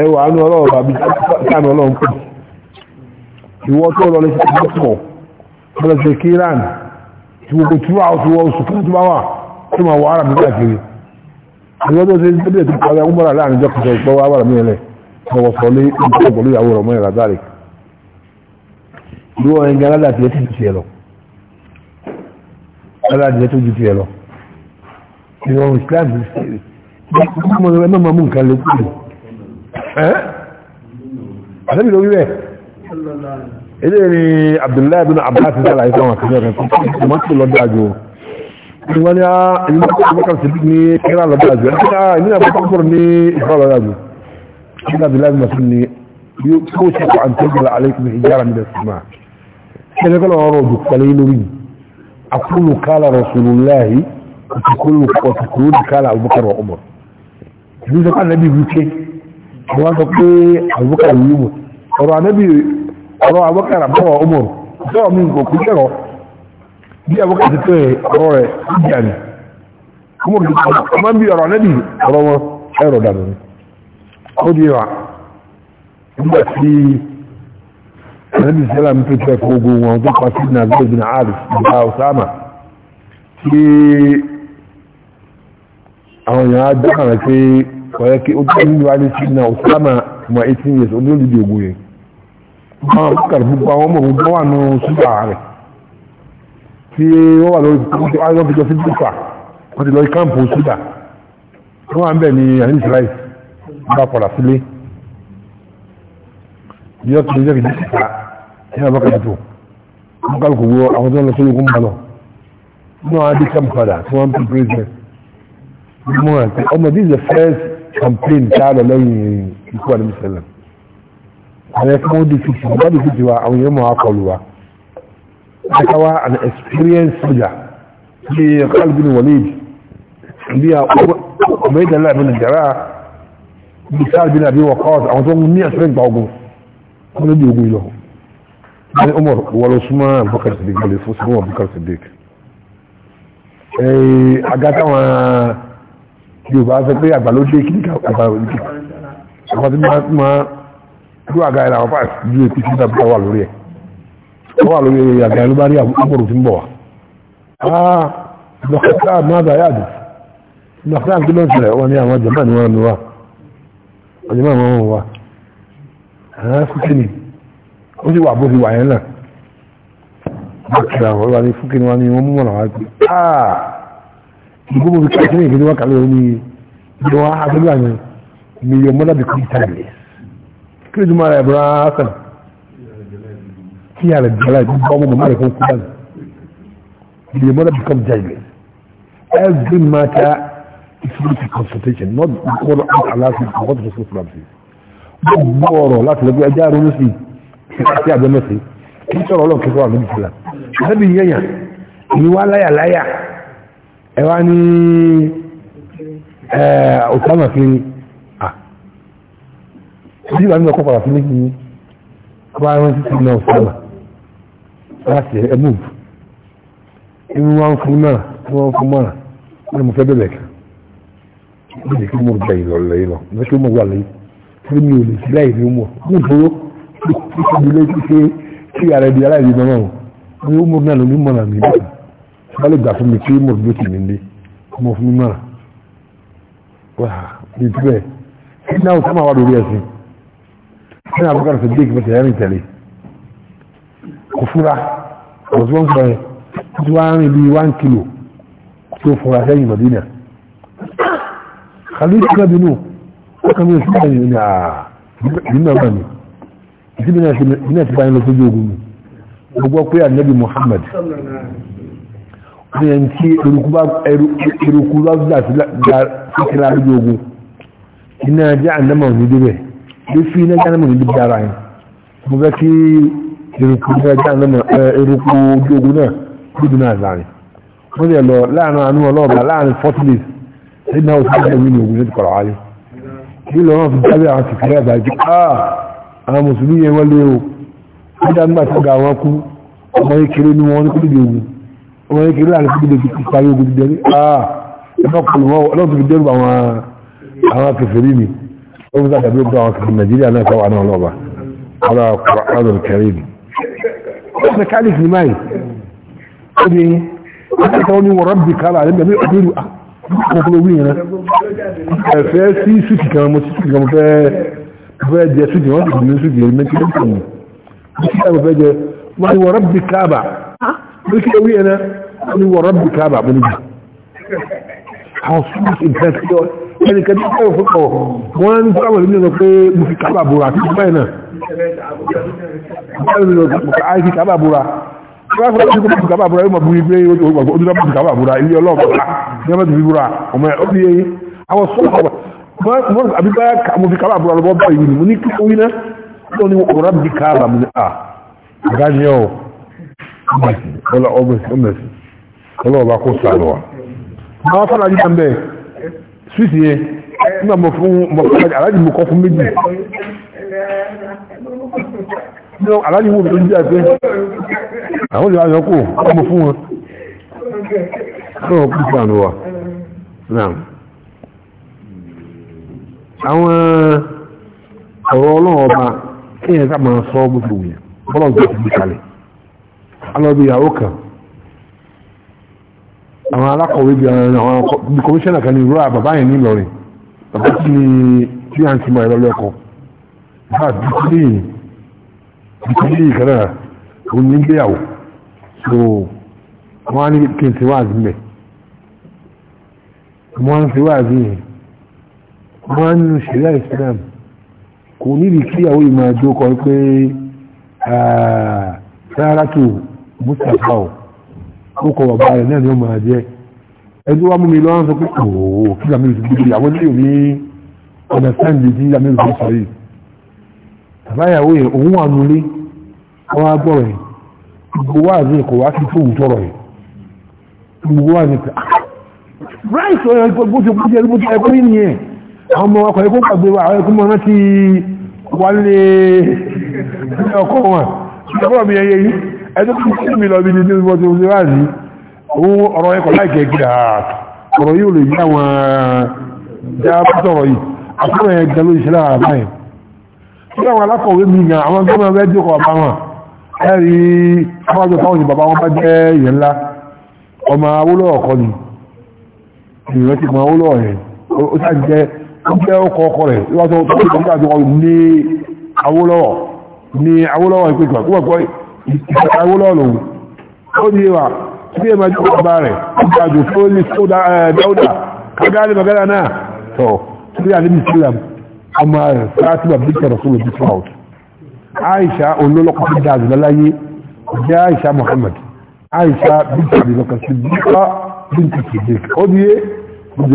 ẹwà anú ọlọ́ọ̀bà bí sáàmì ọlọ́run pọ̀ ìwọ́ tó lọ lẹ́sẹ̀ tó pọ̀ ọlọ́sẹ̀ kíran tí gbogbo tí wà tí wọ́n sùn tó bá wà tó máa wọ ara mi káàkiri ìwọ́ tó ṣe ń tẹ́lẹ̀ tó parí ọmọ rà láàrin jọ́kùn sọ ìpọ́ wà mí Islam ti mọ̀lẹ́wẹ́ náà mọ̀ mú nǹkan lè kúrò ẹ́ àtẹ́bì lórí rẹ̀ ilé ni Abdullahi bin Abbas sálà ìfẹ́ wọn kìí rẹ̀ kí wọ́n tó lọ́dọ̀ àjò ní wọ́n ní ìlú mọ́kàn sí ní kíra lọ́dọ̀ àjò ẹni kíra ìlú náà bọ́kàn kúrò ní ìfẹ́ lọ́dọ̀ àjò kí ní Abdullahi bin Masun ni yóò kó ṣe kó àǹtẹ́ gbọ́lá aleikum hijara mi lẹ́sìmá kí ni kọ́lọ̀ ọ̀rọ̀ òjò pẹ̀lẹ́ lórí akúlù kálà Rasulullahi àti kúlù kọ́tù kúlù kálà Abubakar wa Umar ìlú sọ pé ànábì wípé àwọn sọ pé àbúkàrà wí wò ọ̀rọ̀ ànábì ọ̀rọ̀ àbúkàrà bọ́ọ̀ ọmọ sọ́ọ̀ mi kò kú kẹ́rọ̀ bí àbúkàrà ti tó ọ̀rọ̀ rẹ̀ ìjà ni ọmọ kìí ọmọ bí ọ̀rọ̀ ànábì ọ̀rọ̀ wọn ẹ̀rọ dànù ni ó di wa nígbà tí ànábì sẹ́lá mi àwọn èèyàn á dáhà rẹ̀ pé ọ̀rẹ́ kí ó gbé nínú wáyé sí náà ọ̀sáàmà ọmọ 18 years ọdún olùdí ògbò yẹn àwọn akọ̀rọ̀ gbogbo àwọn ọmọ ògbó wà nù súpà rẹ̀ tí wọ́n wà lórí kókó ayọ́ fi jọ sí súpà wọ́n ti lọ káàmpù súdà wọ́n wà ń bẹ̀ ní àní ìsìláì bá padà sílé yọ́ kí lójọ́ kìí síta ní àbákàtà tó wọ́n kálukú wọ àwọn tó ń lọ sórí ogun mọ́ lọ mọ́ àti ọmọ this is the first campaign káàdọ̀ lẹ́yìn ikú àdìmísẹ́lẹ̀ àwọn ẹ̀kọ́ wọ́n di fìtì wọ́n di fìtì wa àwọn èèyàn mọ̀ akọlù wa ẹ̀ka wa an experienced soldier bí Khalid bin Walid bí ọmọ ìdá láàbí nàìjíríà bí Khalid bin Abi Waqqas àwọn tó ń ní ẹ̀sẹ̀ gba ogun wọ́n ló di ogun ìlọ ní Umar wọlé súnmọ́ Abubakar Siddiq wọlé fún súnmọ́ Abubakar Siddiq agata wọn yóò bá sọ pé àgbàlódé kí ní àgbàlódé àwọn tí máa ló àga ẹ̀rọ àwọn pàṣẹ ju èkó sí ìdàbọ̀ wà lórí ẹ̀ ó wà lórí àga ẹ̀rọ bá rí àbúrò tí ń bọ̀ wá. ah dọ̀kítà mọ́tà yáàdì dọ̀kítà ń kílọ̀ sílẹ̀ wọn ní àwọn jẹ̀mọ́ ni wọ́n ń wá àwọn jẹ̀mọ́ ni wọ́n ń wá àwọn ah, fúkìnì ó sì wà bó ti wà yẹn náà dọ̀kítà wọ́n wá ní fúkìnì wọn ni wọ́n mú mọ̀nà wá pé ah gbogbo bí káàkiri ní ìgbésí wákàlẹ̀ omi ìjọba àgbẹ̀gbà ni mi yọ mọ́lá bí kìí tàbí kí ló máa rẹ̀ bọ́ra sàn kí yàrá jọlá ìgbà ọmọ mọ́lá rẹ̀ fún mi yọ mọ́lá bí kọ́m jáde every matter is not a consultation not because of Allah's will what is the problem gbogbo ọ̀rọ̀ láti lọ́gbẹ́ ẹja ronú sí àti àbẹ́mẹ́sì kí sọ̀rọ̀ ọlọ́run kẹfọ́ àmì ìfìlà ìfẹ́ bí yẹ̀yàn ìwà láyà láyà ẹwà ní ọ̀tọ́mà kiri àti ìgbà nígbà kọ́kọ̀rọ̀ fún méjì ní ọba ẹran títí náà ọ̀tọ́mà láti ẹmú inú wọn fún náà tí wọ́n fún mọ́ra ní mo fẹ́ bẹ̀rẹ̀ kan ní ìdíkí mo gbà ìlọ lẹ́yìn lọ ní kí mo wà lẹ́yìn tí mi ò lè sí láì rí mọ̀ ní ìdúró tí kò ní lé ṣe kí ara ẹni aláìrí mọ́ náà ní ó mọ̀ náà ló ní mọ̀ náà wọ́n lè gbà fún mi kí mo gbé tì mí lé ọmọ fún mi mọ́ra wà ní ìtúbẹ̀ kí náà sá máa wá lórí ẹ̀sìn kí náà bọ́kàrà sí dé ìgbésẹ̀ ẹ̀rìn tẹ̀lé kò fúra ọ̀rọ̀ tí wọ́n sọ yẹn tí wọ́n á rìn bíi one kilo tó fúra sẹ́yìn Madina kàlíkì náà bínú wọ́n kàn mí sí ẹ̀yìn ní àà nínú ọgbà mi ìdí mi náà ti bá yẹn lọ sójú ogun mi gbogbo pé ní ẹni tí eruku bá dákìlá lójú ogun iná jẹ́ àndámà òní débẹ̀ bí fi iná jẹ́ àndámà òní débẹ̀ ara yìí mo fẹ́ kí eruku ojú ogun náà dúdú náà zàrin wọ́n lè lọ láàrin àánú ọlọ́ọ̀bà láàrin 40 days nínú ọ̀sán ìjẹ́ ìwé ogun ló ti kọ̀rọ̀ wáyé kí lọ náà fi jábẹ́ àwọn kìkìrẹ́ àgbà ah! àwọn mùsùlùmí yẹn wọ́n lé o wọ́n nígbà tí ga wọn kú ọmọ yìí kéré ní ní kúlùbí wọ́n yẹ kí ilé àlùfíì lè fi parí ogun ti dẹ́rí ah ẹgbẹ́ pọ̀lù wọn ọlọ́run fi dẹ́rù àwọn àwọn kẹfẹ́rí mi ó fi sáà dàbí àwọn kẹfẹ́rí nàìjíríà náà sáwà náà lọ́ba ọlọ́ ọlọ́run kẹrì mi. mechanic ni wọ́n rọ́bì wọ́n sì dùn duk da wuya na wani wa rabbi ka ba mun ji how sweet in fact yo ẹni kan tó fún ọ wọn ń sáwọn ìlú náà pé mo fi kábà búra àti ìgbà náà wọn ń lọ sí àìsí kábà búra wọn fún ọdún tó fi kábà búra yóò máa bu ibi yóò tó gbàgbọ́ ọdún tó fi kábà búra ilé ọlọ́ọ̀bà ní ọmọ tó fi búra ọmọ ẹ̀ ọdún yẹn àwọn sọ́ọ̀bà wọn àbí bá mo fi kábà búra lọ́wọ́ báyìí mo ní kí wọ́n náà wọn ni wọn kò rábì kábà mo ní à wọ́n ọmọsí ọlọ́ọ̀bá kó sàánù wa máa fọ́nà jí tàbí swiss yẹn nígbà mọ̀ fún aláàjì mú kọ́ fún méjì aláàjì wò tó jí àti àwọn ìlú ayọ́ kò mọ̀ fún wọn ọlọ́ọ̀ kó sàánù wa àwọn ọ̀rọ̀ ọlọ́ọ̀bá kí ẹ̀ sábà sọ gbogbo yẹn bọ́lọ̀ gbogbo kalẹ̀ alọ́bí ìyàwó kan àwọn alákọ̀wé bí àwọn bí kọmíṣánná kan ní ìró àbàbá yẹn ní Ìlọrin bàbá tí ni tí à ń ti mọ ẹ̀rọ lẹ́kọ̀ọ́ bá bíkílì bíkílì kan náà òun ní gbéyàwó so wọ́n á ní kí n ti wá àdí mẹ́ wọ́n á ti wá àdí yẹn wọ́n á nínú ṣẹ̀ríà Islam kò nídìí kíyàwó ìmọ̀ àjò kan pé sáárà tó mustapha o ó kọ bàbá rẹ̀ náà ni ó máa jẹ́ ẹni wá mú mi lọ́wọ́ sọ pé ooo kí lamiru ti gbogbo àwọn ilé òní understand di lamiru ti sọ yìí bàbá ìyàwó yẹn òun wà nulé wọn á gbọ́ rẹ̀ gbogbo wa àti ẹ̀kọ́ wa ti fóun tọrọ yẹn gbogbo wa ni pé ah, rice ọ̀yọ́ bó ṣe bó ṣe bó ẹ̀kọ́ yìí nìyẹn àwọn ọmọ ọkọ̀ ẹ̀kọ́ pàgbé wa àwọn ẹ̀kọ́ mọ̀ ti wálé ọkọ̀ wọn ṣe mi ẹyẹ yìí ẹjọ́ tó kí mi lọ bí ní tí wọ́n ti wọ́n wáyé owó ọ̀rọ̀ ẹkọ̀ láìkẹ́ kí ọ̀rọ̀ yóò lè yá wọn jábátọ̀rọ̀ yìí àkúrò ẹ̀ gẹ̀lú ìṣẹ́lá àbáyìn tí àwọn alákọ̀wé mi gan àwọn gómìnà rẹ̀ jókọ̀ ọba wọn ẹ̀rí abájọ táwọn yìí bàbá wọn bá jẹ́ ìyẹn ńlá ọmọ awólọ́wọ̀ kọ́ ni ìrìn ti mọ awólọ́wọ̀ yẹn ó sá jẹ́ ó jẹ́ ọkọ̀ ọkọ̀ rẹ̀ wọ́n sọ pé ó ní awólọ́wọ̀ ní awólọ́wọ̀ ìpínlẹ̀ ìtàwó lọ́lọ́wọ́ ó ní wà tí è máa jẹ́ ọba rẹ̀ ìgbàjò fólì dáúdà kágáàlì magana náà tọ̀ tí a níbi islam ọmọ rẹ̀ sáàtìmà bíkẹ̀rọ̀ fún ìbí trout aisha olólọ́kọ̀ tó dáa jùlọ láyé jẹ́ aisha muhammad aisha bíkẹ̀rọ̀ lọ́kọ̀ sí bíkọ́ bíkẹ̀ sí bíkẹ̀ ó ní yé gbogbo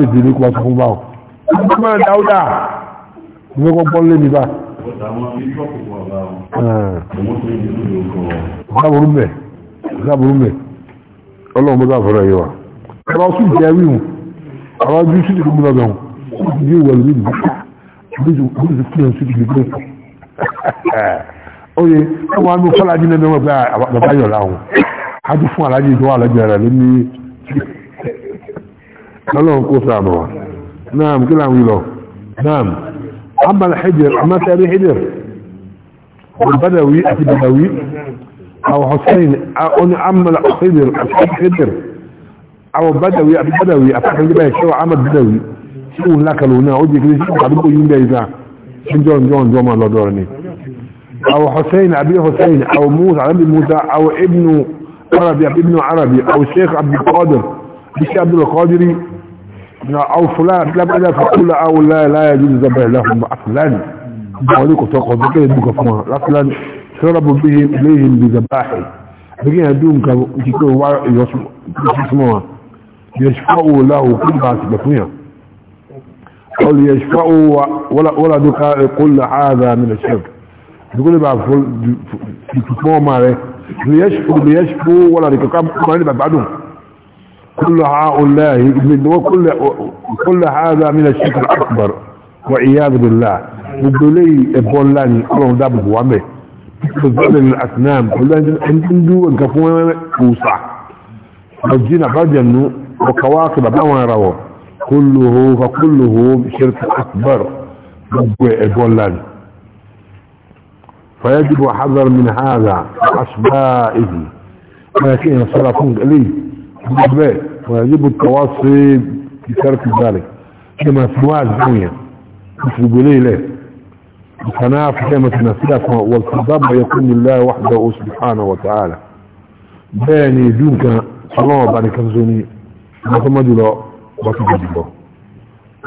yìí nìkan fún báwọn ọmọ láàbùrú mẹ́ láàbùrú mẹ́ ọlọ́run bó dáfẹ́rẹ́ yìí wa ẹ̀rọ sí ìjẹ́ wíhùn àwọn ojú sí ìdíkùn múlá gan ó ti dé ìwọ̀lú nínú bí i kí ẹ̀ sí ìdíkùn múlá oye ẹwà ní fọ́lájí lẹ́nu ẹgbẹ́ ah, bàbá yọ̀ láwọn a ti fún alájí tó wà lẹ́jọ́ rẹ̀ ní ọlọ́run kó sáà bọ̀ wá náà kí làwọn ìlọ náà أما الحجر أما تاريخ حجر البدوي أتي بدوي أو حسين أما الحجر أتي حجر أو بدوي أتي بدوي أفكر جبايا شو عمد بدوي شو لك لونا ودي كده شو قدبو ينجا إذا جون جون جون ما الله دورني أو حسين أبي حسين أو موسى عبد موسى أو ابن عربي أبي ابن عربي أو الشيخ عبد القادر الشيخ عبد القادري أو فلان لم فقل أو لا لا يجوز ذبح لهم أصلا ذلك تقول ذلك يدوك فما أصلا شربوا بهم إليهم بذباحه بقينا دونك يسموها يشفعوا له كل ما سبقنيها قل يشفعوا ولا ولا دقاء قل هذا من الشرك يقول بعد فل في كتموه ماله يشفوا يشفوا ولا دقاء ما نبقى بعدهم كل هؤلاء وكل كل هذا من الشرك الأكبر وعياذ بالله ودولي بولان كلهم دابوا وامه بالظل الأسنان كلهم عنده انكفوا وصع وجينا قدنوا وكواكب ما يروا كله فكله شرك أكبر بولان فيجب حذر من هذا وأشبائه ولكن صلاة لي بالباء ويجب التواصي بترك ذلك كما فواز دنيا يسلب ليه له في كما تنسلف والخضاب يكون لله وحده سبحانه وتعالى باني دونك صلى صلاة باني كنزوني نظم جلاء وكذا جلاء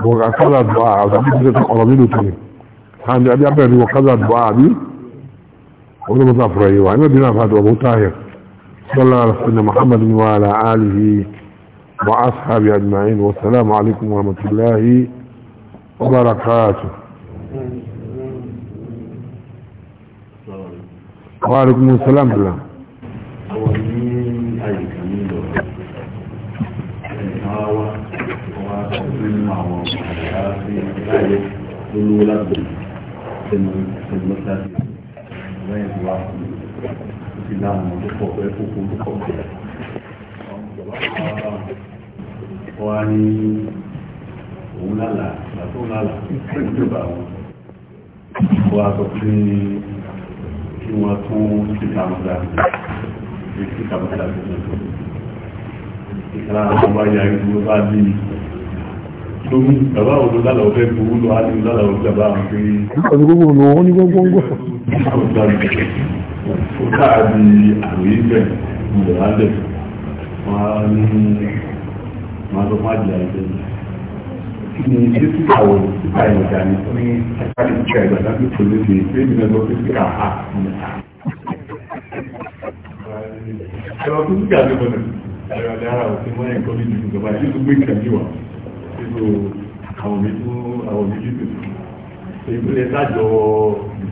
وكذا الدعاء وكذا القرابين وتنين حان ابي عبد وكذا الدعاء بي وكذا مطاف رأيه وعما بناف هذا ابو طاهر صلى الله على سيدنا محمد وعلى آله وأصحابه أجمعين والسلام عليكم ورحمة الله وبركاته وعليكم السلام بالله Thank الله ìlànà ìjọpọ̀ ọ̀pẹ́ kókó lókọ̀ wọ́n á ní òun lálà àtò lálà ìjọba wọn wọ́n á sọ pé kí wọ́n tún títà mọ́tà títà mọ́tà tuntun ìkàrà àwọn bá yà ìlú bá bí lórí bàbá òun lálà ọ̀fẹ́ gbogbo lọ́wọ́ á ní lálà ọ̀fẹ́ bàbá àwọn pé ọdún gbogbo lọ́wọ́ ní gbogbo káàdì àrùn ibẹ̀ ìlẹ̀ alẹ̀ máa ní máa tó má jẹ́ àìsẹ̀ ní ilé tí àwọ̀ ìgbà ìgbà ní káàdì ìgbà ìgbà láti tó lé ní pé ní ẹgbẹ́ tó ti àhà ẹ̀rọ tó ti àdé bọ̀dẹ̀ ẹ̀rọ àdé ara òfin mọ́ ẹ̀kọ́ ní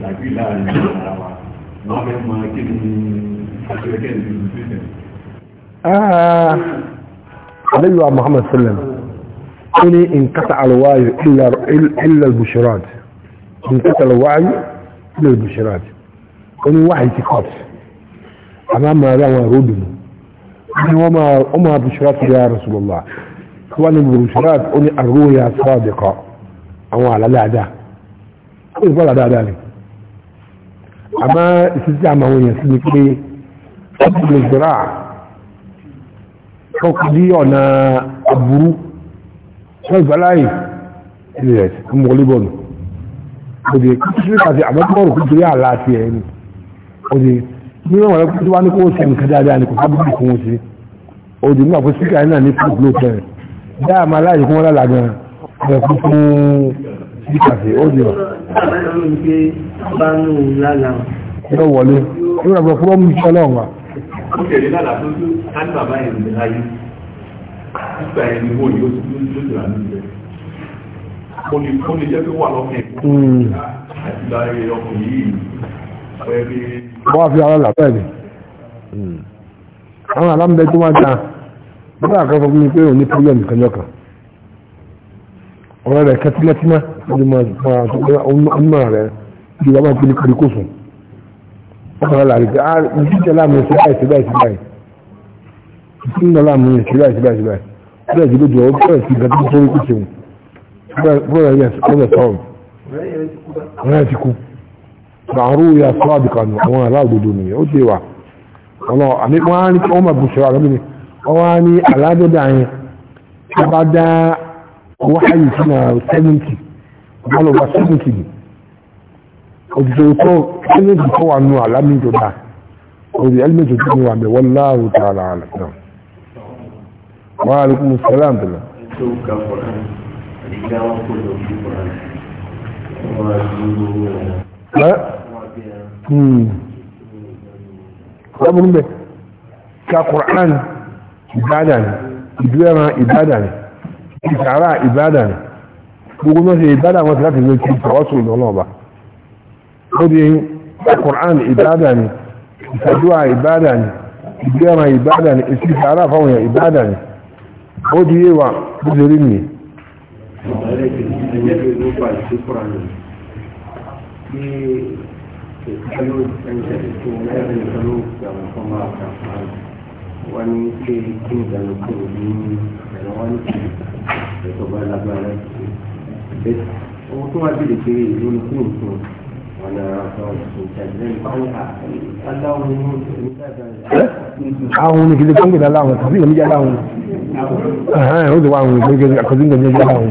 النبي محمد صلى الله عليه وسلم إني انقطع الوعي إلا إلا البشرات انقطع الوعي إلا البشرات إني وعي تقاط أمام ما لا ورودنا إني وما بشرات يا رسول الله كوني بشرات إني الرؤيا الصادقه أو على لا ده إيش بلا ذلك àmá ìsìsí àmà àwọn èèyàn sí ni pé ọkùnrin ìgbèrà ọkùnrin ní ọ̀nà àbúrú wọ́n ìgbàláyì ilẹ̀ ọmọlébọ̀nù òdì kìtìsí àti àbẹ́kọ̀rù kìtìrí àlá àti ẹni òdì ní wọ́n wọ́n kìtìrí wá ní kó ṣe nǹkan dáadáa ní kò sábúrú kò wọ́n ṣe òdì ní àpò síkà náà ní fúlùkù lóòtọ́ rẹ̀ dáàmà láyé kó wọ́n lálàá gan-an ìpàdé ó di ọ̀. yóò wọlé yóò rà bọ̀ fún ọmọ ìṣọ́ náà wà. ó kéré lára tó tó kájú bàbá yẹn lè láyé nígbà yẹn ni wọ́n yóò tó tó tó rà nílẹ̀. mo lè mo lè jẹ́ pé wà lọ́kàn ẹ̀kọ́ àti láyé ọkùnrin yìí wọ́n á fi ara là bẹ́ẹ̀ ni àwọn alámbẹ tó máa ta bàbá àkàtọ̀ fún mi pé òun ní pọ́blẹ́mù kanjọ́ kan ọ̀rọ̀ rẹ̀ kẹtílẹ́tíná wọ́n máa fún ara tó kọ́ ọmọ rẹ̀ kí wọ́n máa fi ní kárikó sùn wọ́n kọ́ láàrin pé ah jíjẹ láàmú ẹsẹ̀ báyìí sí báyìí sí báyìí títí náà láàmú ẹsẹ̀ báyìí sí báyìí sí báyìí bẹ́ẹ̀ sí lójú ọ̀hún bẹ́ẹ̀ sí ìgbà tó sórí kú ṣeun bọ́ọ̀rọ̀ yẹ ọ̀rẹ́ sọ̀rọ̀ ọ̀rẹ́ ti kú màrú ya sọ́ọ̀dì kan àwọn aláàgbòdo nìyẹn ó ti wà ọlọ́ àmì wọ́n á ní kí wọ́n máa bù ṣọ́ra lọ́mìnì wọ́n á ní aládọ́dà yẹn tí a bá dá wáhàyè sínú 70 wọ́n lọ wá sẹ́mìtì ni òjìṣẹ́ tó ẹlẹ́dì tó wà nù àlámì tó dá òjì ẹlẹ́dì tó wà mẹ́wọ́ láàrú tó ara rẹ̀ náà wọ́n á rí kún sẹ́lá ń bẹ̀rẹ̀. Ọlọ́run bẹ̀ ka Kùrán ìbádà ni, ìdúrà ìbádà ìsàrà ìbádà gbogbo náà ṣe ìbádà wọn ti láti lè kí ìtawọ́sùn ìlọ́lọ́ọ̀bá ó di Qur'an ìbádà ni ìsàdúwà ìbádà ni ìgbéra ìbádà ni èsì ìsàrà ìbádà ni ó di yé wa bó ṣe rí nìyí. wọ́n ní ẹ̀rọ wọn ní ìjọba lágbára yìí owó tó wá ìlú ni kúrò fún un ọ̀nà àwọn oníkìlì kan gbèdà láwọn tàbí ìlú níjà láwọn ẹ̀hán ó ti wá àwọn ìlú gẹ́gẹ́ àkọsí ìgbà níjà láwọn.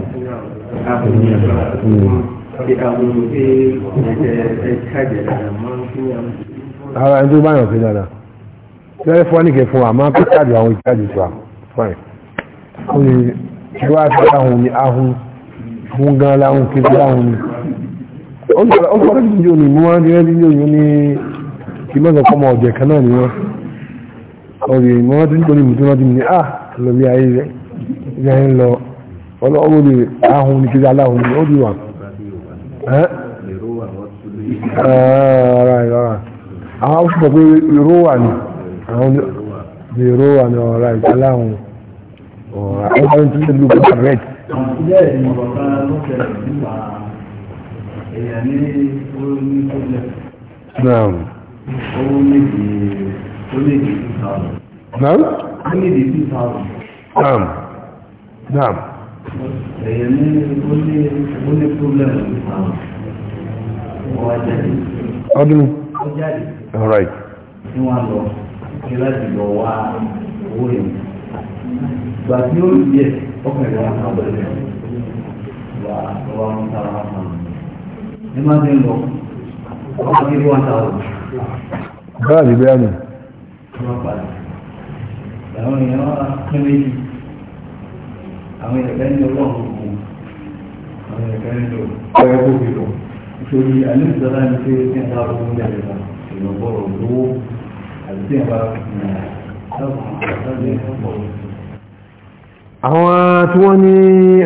ara ẹni tó bá yàn sí dáadáa lẹ́rẹ́ fún wa fún wa máa pẹ́ káàdì àwọn ìjáde tó wà fún ẹ̀ ó ní ìwádìí ahun ni ahun fún gan láwọn kéde láwọn ni ó sọ rẹ́bí jò ní wọ́n rí rẹ́bí jò ní kí mọ́sọ̀ fọmọ ọ̀jẹ̀ kan náà ni wọ́n ọ̀rẹ́ ìmọ̀ wọ́n ti ń tó ní mùsùlùmọ́ ti ní à lọ bí ayé rẹ̀ ní ayé lọ ọlọ́wọ́ lè ahun ní kéde aláhun ni ó di wà àwọn ọ̀sùn pé ìró wà ní ìró wà ní ọ̀rá ìtàláhun ọ̀rá ọ̀rá ìtàláhun kọ̀ǹsílẹ̀ ìmọ̀ràn kan ló tẹ̀lé nípa èèyàn ní orí ní tọ́lẹ̀. Naam. Owó méjì ó lè di two thousand. Naam. Ó lè di two thousand. Naam. Naam. Èèyàn ní ó ní ó ní pọ́blẹ́mù two thousand. Ó wá jáde. Ọdún. Ó jáde. All right. Ní wọ́n lọ, kí láti lọ wá owó yẹn ìgbà tí ó lù ọkàn ìwà náà bẹ̀rẹ̀ wà lọ́wọ́ àwọn tààrà wọn kan ní má ti lọ ọkàn kiri wọn tààrà wọn. báyà ní bẹ́ẹ̀ ni. àwọn èèyàn wá pín méjì àwọn èèyàn ní ọlọ́run kù àwọn èèyàn ní lò ọ̀rẹ́ kò fi lò nítorí àlẹ́ ìjọba ní pé kí n bá ọdún bẹ̀rẹ̀ lọ ìrọ̀bọ̀rọ̀ lówó àti tí n bá ọdún bẹ̀rẹ̀ lọ́wọ́ àwọn tí wọ́n ní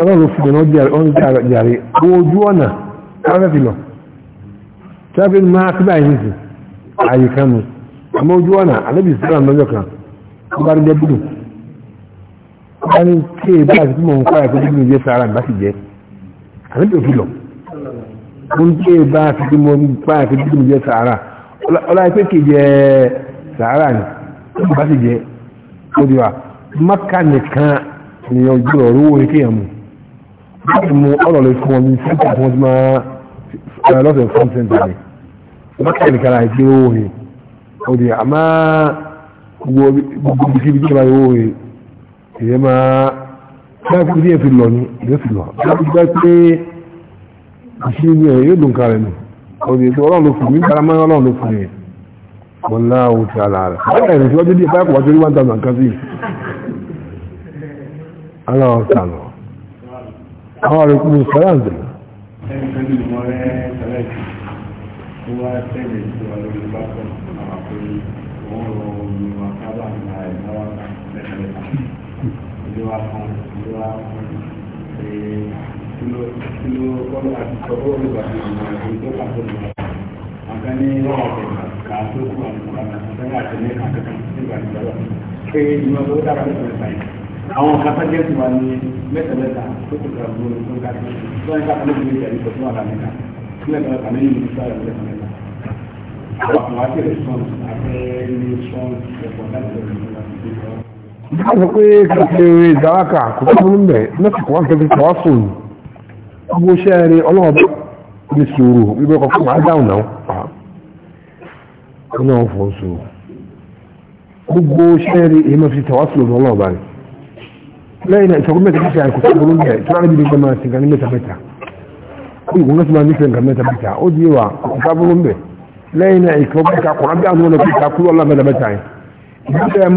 ọlọ́run fún ọ̀nà jàre ojú ọ̀nà káfẹ́fì lọ tẹ́fẹ́ máa tí báyìí nìsí ààyè kanu àmọ́ ojú ọ̀nà alẹ́bí sílẹ̀ lọ́jọ́ kan ó bá rí jẹ́ bùdù ó bá ní kí èyí bá ti mọ̀ ń kọ́ ẹ̀kọ́ bíbí jẹ́ sára ìbá sì jẹ́ alẹ́bí òfin lọ ni ojú ọ̀rọ̀ owó kéèyàn mú láti mú ọ̀rọ̀ lè fún wọn ní sẹ́ńtà tí wọ́n ti máa lọ́sẹ̀ fún sẹ́ńtà ni mọ́tà nìkan láì gbé owó rẹ̀ òdì àmá gbogbo ibi tí wọ́n ti owó rẹ̀ èyẹ máa bá kú díẹ̀ fi lọ ní ìdí fi lọ láti gbá pé àṣírí ni ẹ̀ yóò dùn kalẹ̀ nù òdì ètò ọlọ́run ló fún mi nígbà máa ọlọ́run ló fún mi wọ́n láwùjọ aláwọ̀ sànà à w h n àrẹ́kùnrin s a l á ǹ d ì Kí ni ọdún dára ní ọ̀rẹ́ báyìí? àwọn kàtàkì tí wà ní mẹ́tẹ̀mẹ́ta tó kò tẹ̀lé ọdún tó ń kárí tó ń kárí lóṣù méjì àti ìtọ́jú àgbà mẹ́ta tí lẹ́tọ̀ lẹ́tà ní ìlú sáré lẹ́tà mẹ́ta. àwọn àwọn àti rẹ̀sọ̀n àti rẹ̀sọ̀n ẹ̀fọ́ láti lọ́dún tó ń kárí. a sọ pé kàkiri ìdáráka kò tó burú mẹ́ mẹ́ta kò wá kẹ́kẹ́ kò wá fòun gbogbo iṣẹ́ rẹ̀ ọlọ́ọ̀bẹ ní sùúrù wípé kọ̀ọ̀kan máa dáhùn náà ọlọ́ọ̀ fọ́ sùúrù gbogbo iṣẹ́ rẹ̀ èyí máa fi tẹ̀wá sùúrù ọlọ́ọ̀bá rẹ̀ lẹ́yìn náà ìṣọ̀gbọ́n mẹ́ta mẹ́ta kò sábà lóyún ẹ̀ tí wọ́n á níbi gbẹmọ sí nǹkan ní mẹ́ta mẹ́ta kí nǹkan mẹ́ta máa nífẹ̀ẹ́ nǹkan mẹ́ta mẹ́ta ó di wa kò sábà lóyún bẹ̀ lẹ́yìn náà ìṣọ̀gbọ́n mẹ́ta kọ̀ọ̀rọ̀ bí àwọn ọ̀nà kíkà kúrò ọ̀la mẹ́ta mẹ́ta yẹn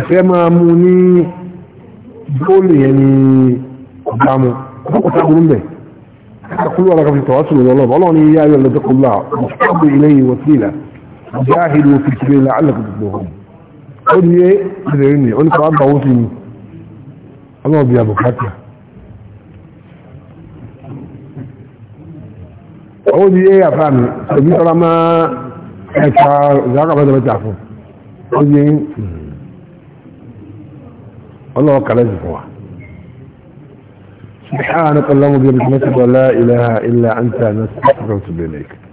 ìfẹ́ máa mú ní bóòlù yẹn ní ọ̀gbàmù kò sábà lóyún bẹ̀ kúrò ọ̀la kàfi tọ̀wọ́ sùn lọ́lọ́ ọlọ́run ni yíyá yọ̀ lọ́dọ́kọ̀ lọ́wọ́ ọ̀sọ́gbù ilé yìí wọ́sílà jáhìlú fi kiri làálẹ̀ kò tó gbòòrò ó di yé ìrìn ní oníkọ̀ọ́ àgbà wọ́sí ni ọlọ́ọ̀bí àbùkátà ó di yé àfà mi òbí tọ́lá máa ẹ̀ka ìzákàbẹ́tẹ̀bẹ́tà fún ó di yé ọlọ́ọ̀ kàlẹ́sì fún wa سبحانك اللهم وبحمدك ولا إله إلا أنت نستغفرك وأتوب إليك